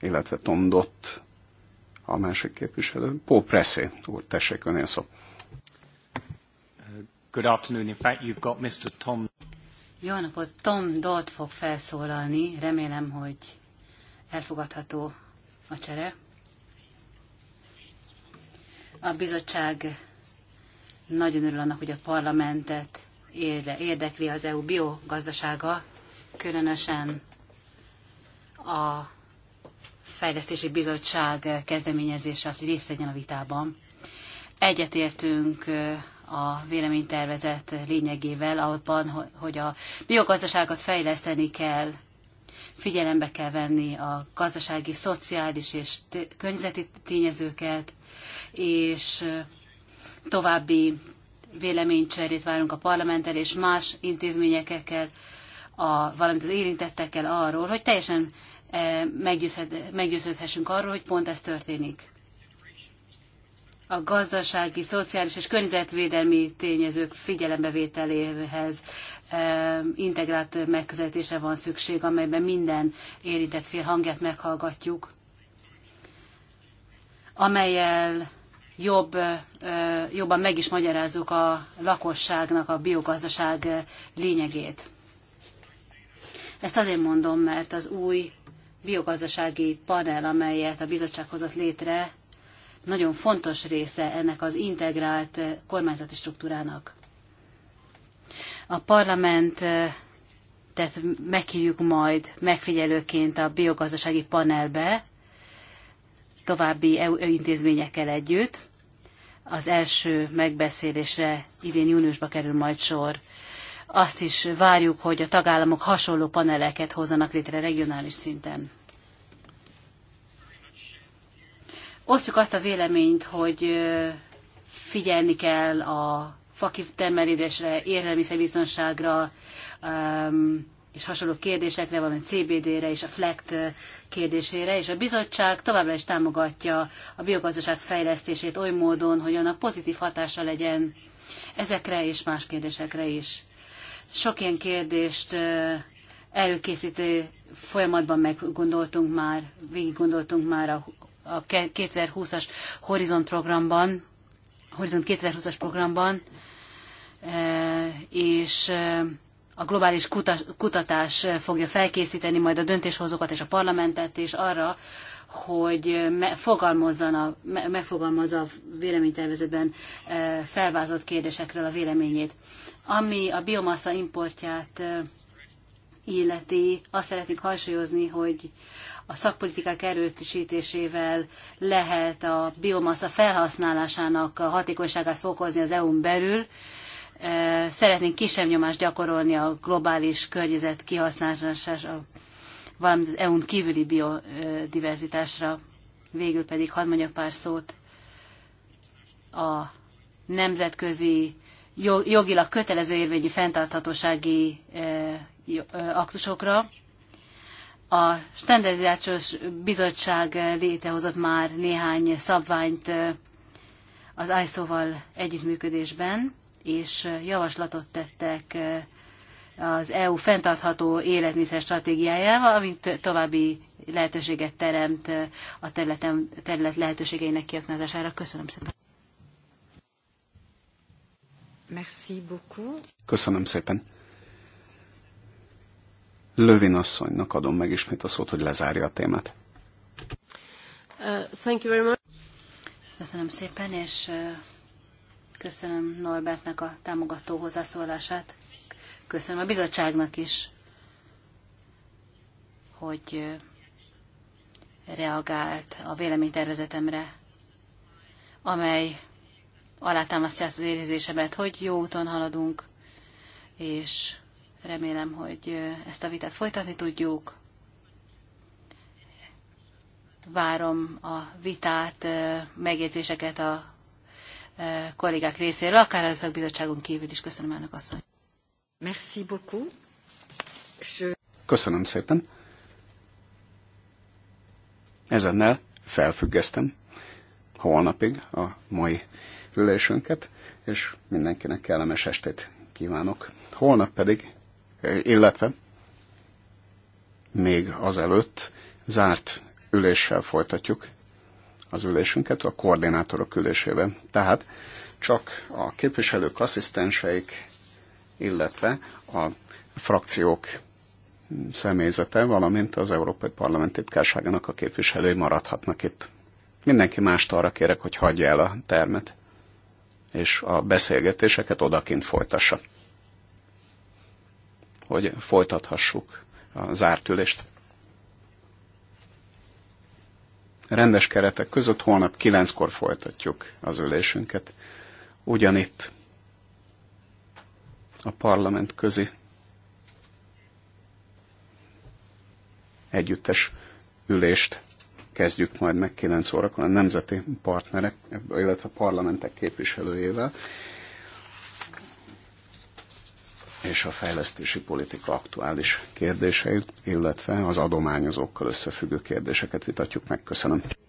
illetve Tom Dott a másik képviselő. Paul Pressé úr, tessék önél szó. Good afternoon. In fact, you've got Mr. Tom. Jó napot, Tom Dodd fog felszólalni. Remélem, hogy elfogadható a csere. A bizottság nagyon örül annak, hogy a parlamentet érdekli az EU biogazdasága, különösen a Fejlesztési Bizottság kezdeményezése az, hogy részt vegyen a vitában. Egyetértünk a véleménytervezet lényegével abban, hogy a biogazdaságot fejleszteni kell, figyelembe kell venni a gazdasági, szociális és környezeti tényezőket, és további véleménycserét várunk a parlamenttel és más intézményekkel, a, valamint az érintettekkel arról, hogy teljesen E, meggyőződhessünk arról, hogy pont ez történik. A gazdasági, szociális és környezetvédelmi tényezők figyelembevételéhez e, integrált megközelítése van szükség, amelyben minden érintett fél hangját meghallgatjuk, amelyel jobb, e, jobban meg is magyarázzuk a lakosságnak a biogazdaság lényegét. Ezt azért mondom, mert az új biogazdasági panel, amelyet a bizottság hozott létre, nagyon fontos része ennek az integrált eh, kormányzati struktúrának. A parlament eh, tehát meghívjuk majd megfigyelőként a biogazdasági panelbe, további EU intézményekkel együtt. Az első megbeszélésre idén júniusba kerül majd sor azt is várjuk, hogy a tagállamok hasonló paneleket hozzanak létre regionális szinten. Osztjuk azt a véleményt, hogy figyelni kell a fakitermelésre, élelmiszerbiztonságra és hasonló kérdésekre, valamint CBD-re és a FLECT kérdésére, és a bizottság továbbra is támogatja a biogazdaság fejlesztését oly módon, hogy annak pozitív hatása legyen ezekre és más kérdésekre is. Sok ilyen kérdést előkészítő folyamatban meggondoltunk már, végiggondoltunk már a, a 2020-as Horizont programban, Horizont 2020-as programban, és a globális kutatás fogja felkészíteni majd a döntéshozókat és a parlamentet és arra, hogy megfogalmazza a véleménytervezetben e, felvázott kérdésekről a véleményét. Ami a biomassa importját e, illeti, azt szeretnénk hangsúlyozni, hogy a szakpolitikák erősítésével lehet a biomassa felhasználásának a hatékonyságát fokozni az EU-n belül. E, szeretnénk kisebb nyomást gyakorolni a globális környezet kihasználására valamint az EU-n kívüli biodiverzitásra. Végül pedig hadd mondjak pár szót a nemzetközi jogilag kötelező érvényű fenntarthatósági e, e, aktusokra. A standardizációs bizottság létrehozott már néhány szabványt e, az ISO-val együttműködésben, és javaslatot tettek az EU fenntartható életműszer stratégiájával, amint további lehetőséget teremt a területen, terület lehetőségeinek kiaknázására. Köszönöm szépen. Merci beaucoup. Köszönöm szépen. Lövin asszonynak adom meg ismét a szót, hogy lezárja a témát. Uh, thank you very much. Köszönöm szépen, és uh, köszönöm Norbertnek a támogató hozzászólását köszönöm a bizottságnak is, hogy reagált a véleménytervezetemre, amely alátámasztja azt az érzésemet, hogy jó úton haladunk, és remélem, hogy ezt a vitát folytatni tudjuk. Várom a vitát, megjegyzéseket a kollégák részéről, akár a bizottságunk kívül is. Köszönöm ennek asszony. Merci beaucoup. Je... Köszönöm szépen. Ezennel felfüggesztem holnapig a mai ülésünket, és mindenkinek kellemes estét kívánok. Holnap pedig, illetve még azelőtt zárt üléssel folytatjuk az ülésünket, a koordinátorok ülésével. Tehát csak a képviselők, asszisztenseik, illetve a frakciók személyzete, valamint az Európai Parlament titkárságának a képviselői maradhatnak itt. Mindenki mást arra kérek, hogy hagyja el a termet, és a beszélgetéseket odakint folytassa. Hogy folytathassuk a zárt ülést. Rendes keretek között holnap kilenckor folytatjuk az ülésünket. Ugyanitt a parlament közi együttes ülést kezdjük majd meg 9 órakor a nemzeti partnerek, illetve a parlamentek képviselőjével, és a fejlesztési politika aktuális kérdéseit, illetve az adományozókkal összefüggő kérdéseket vitatjuk meg. Köszönöm.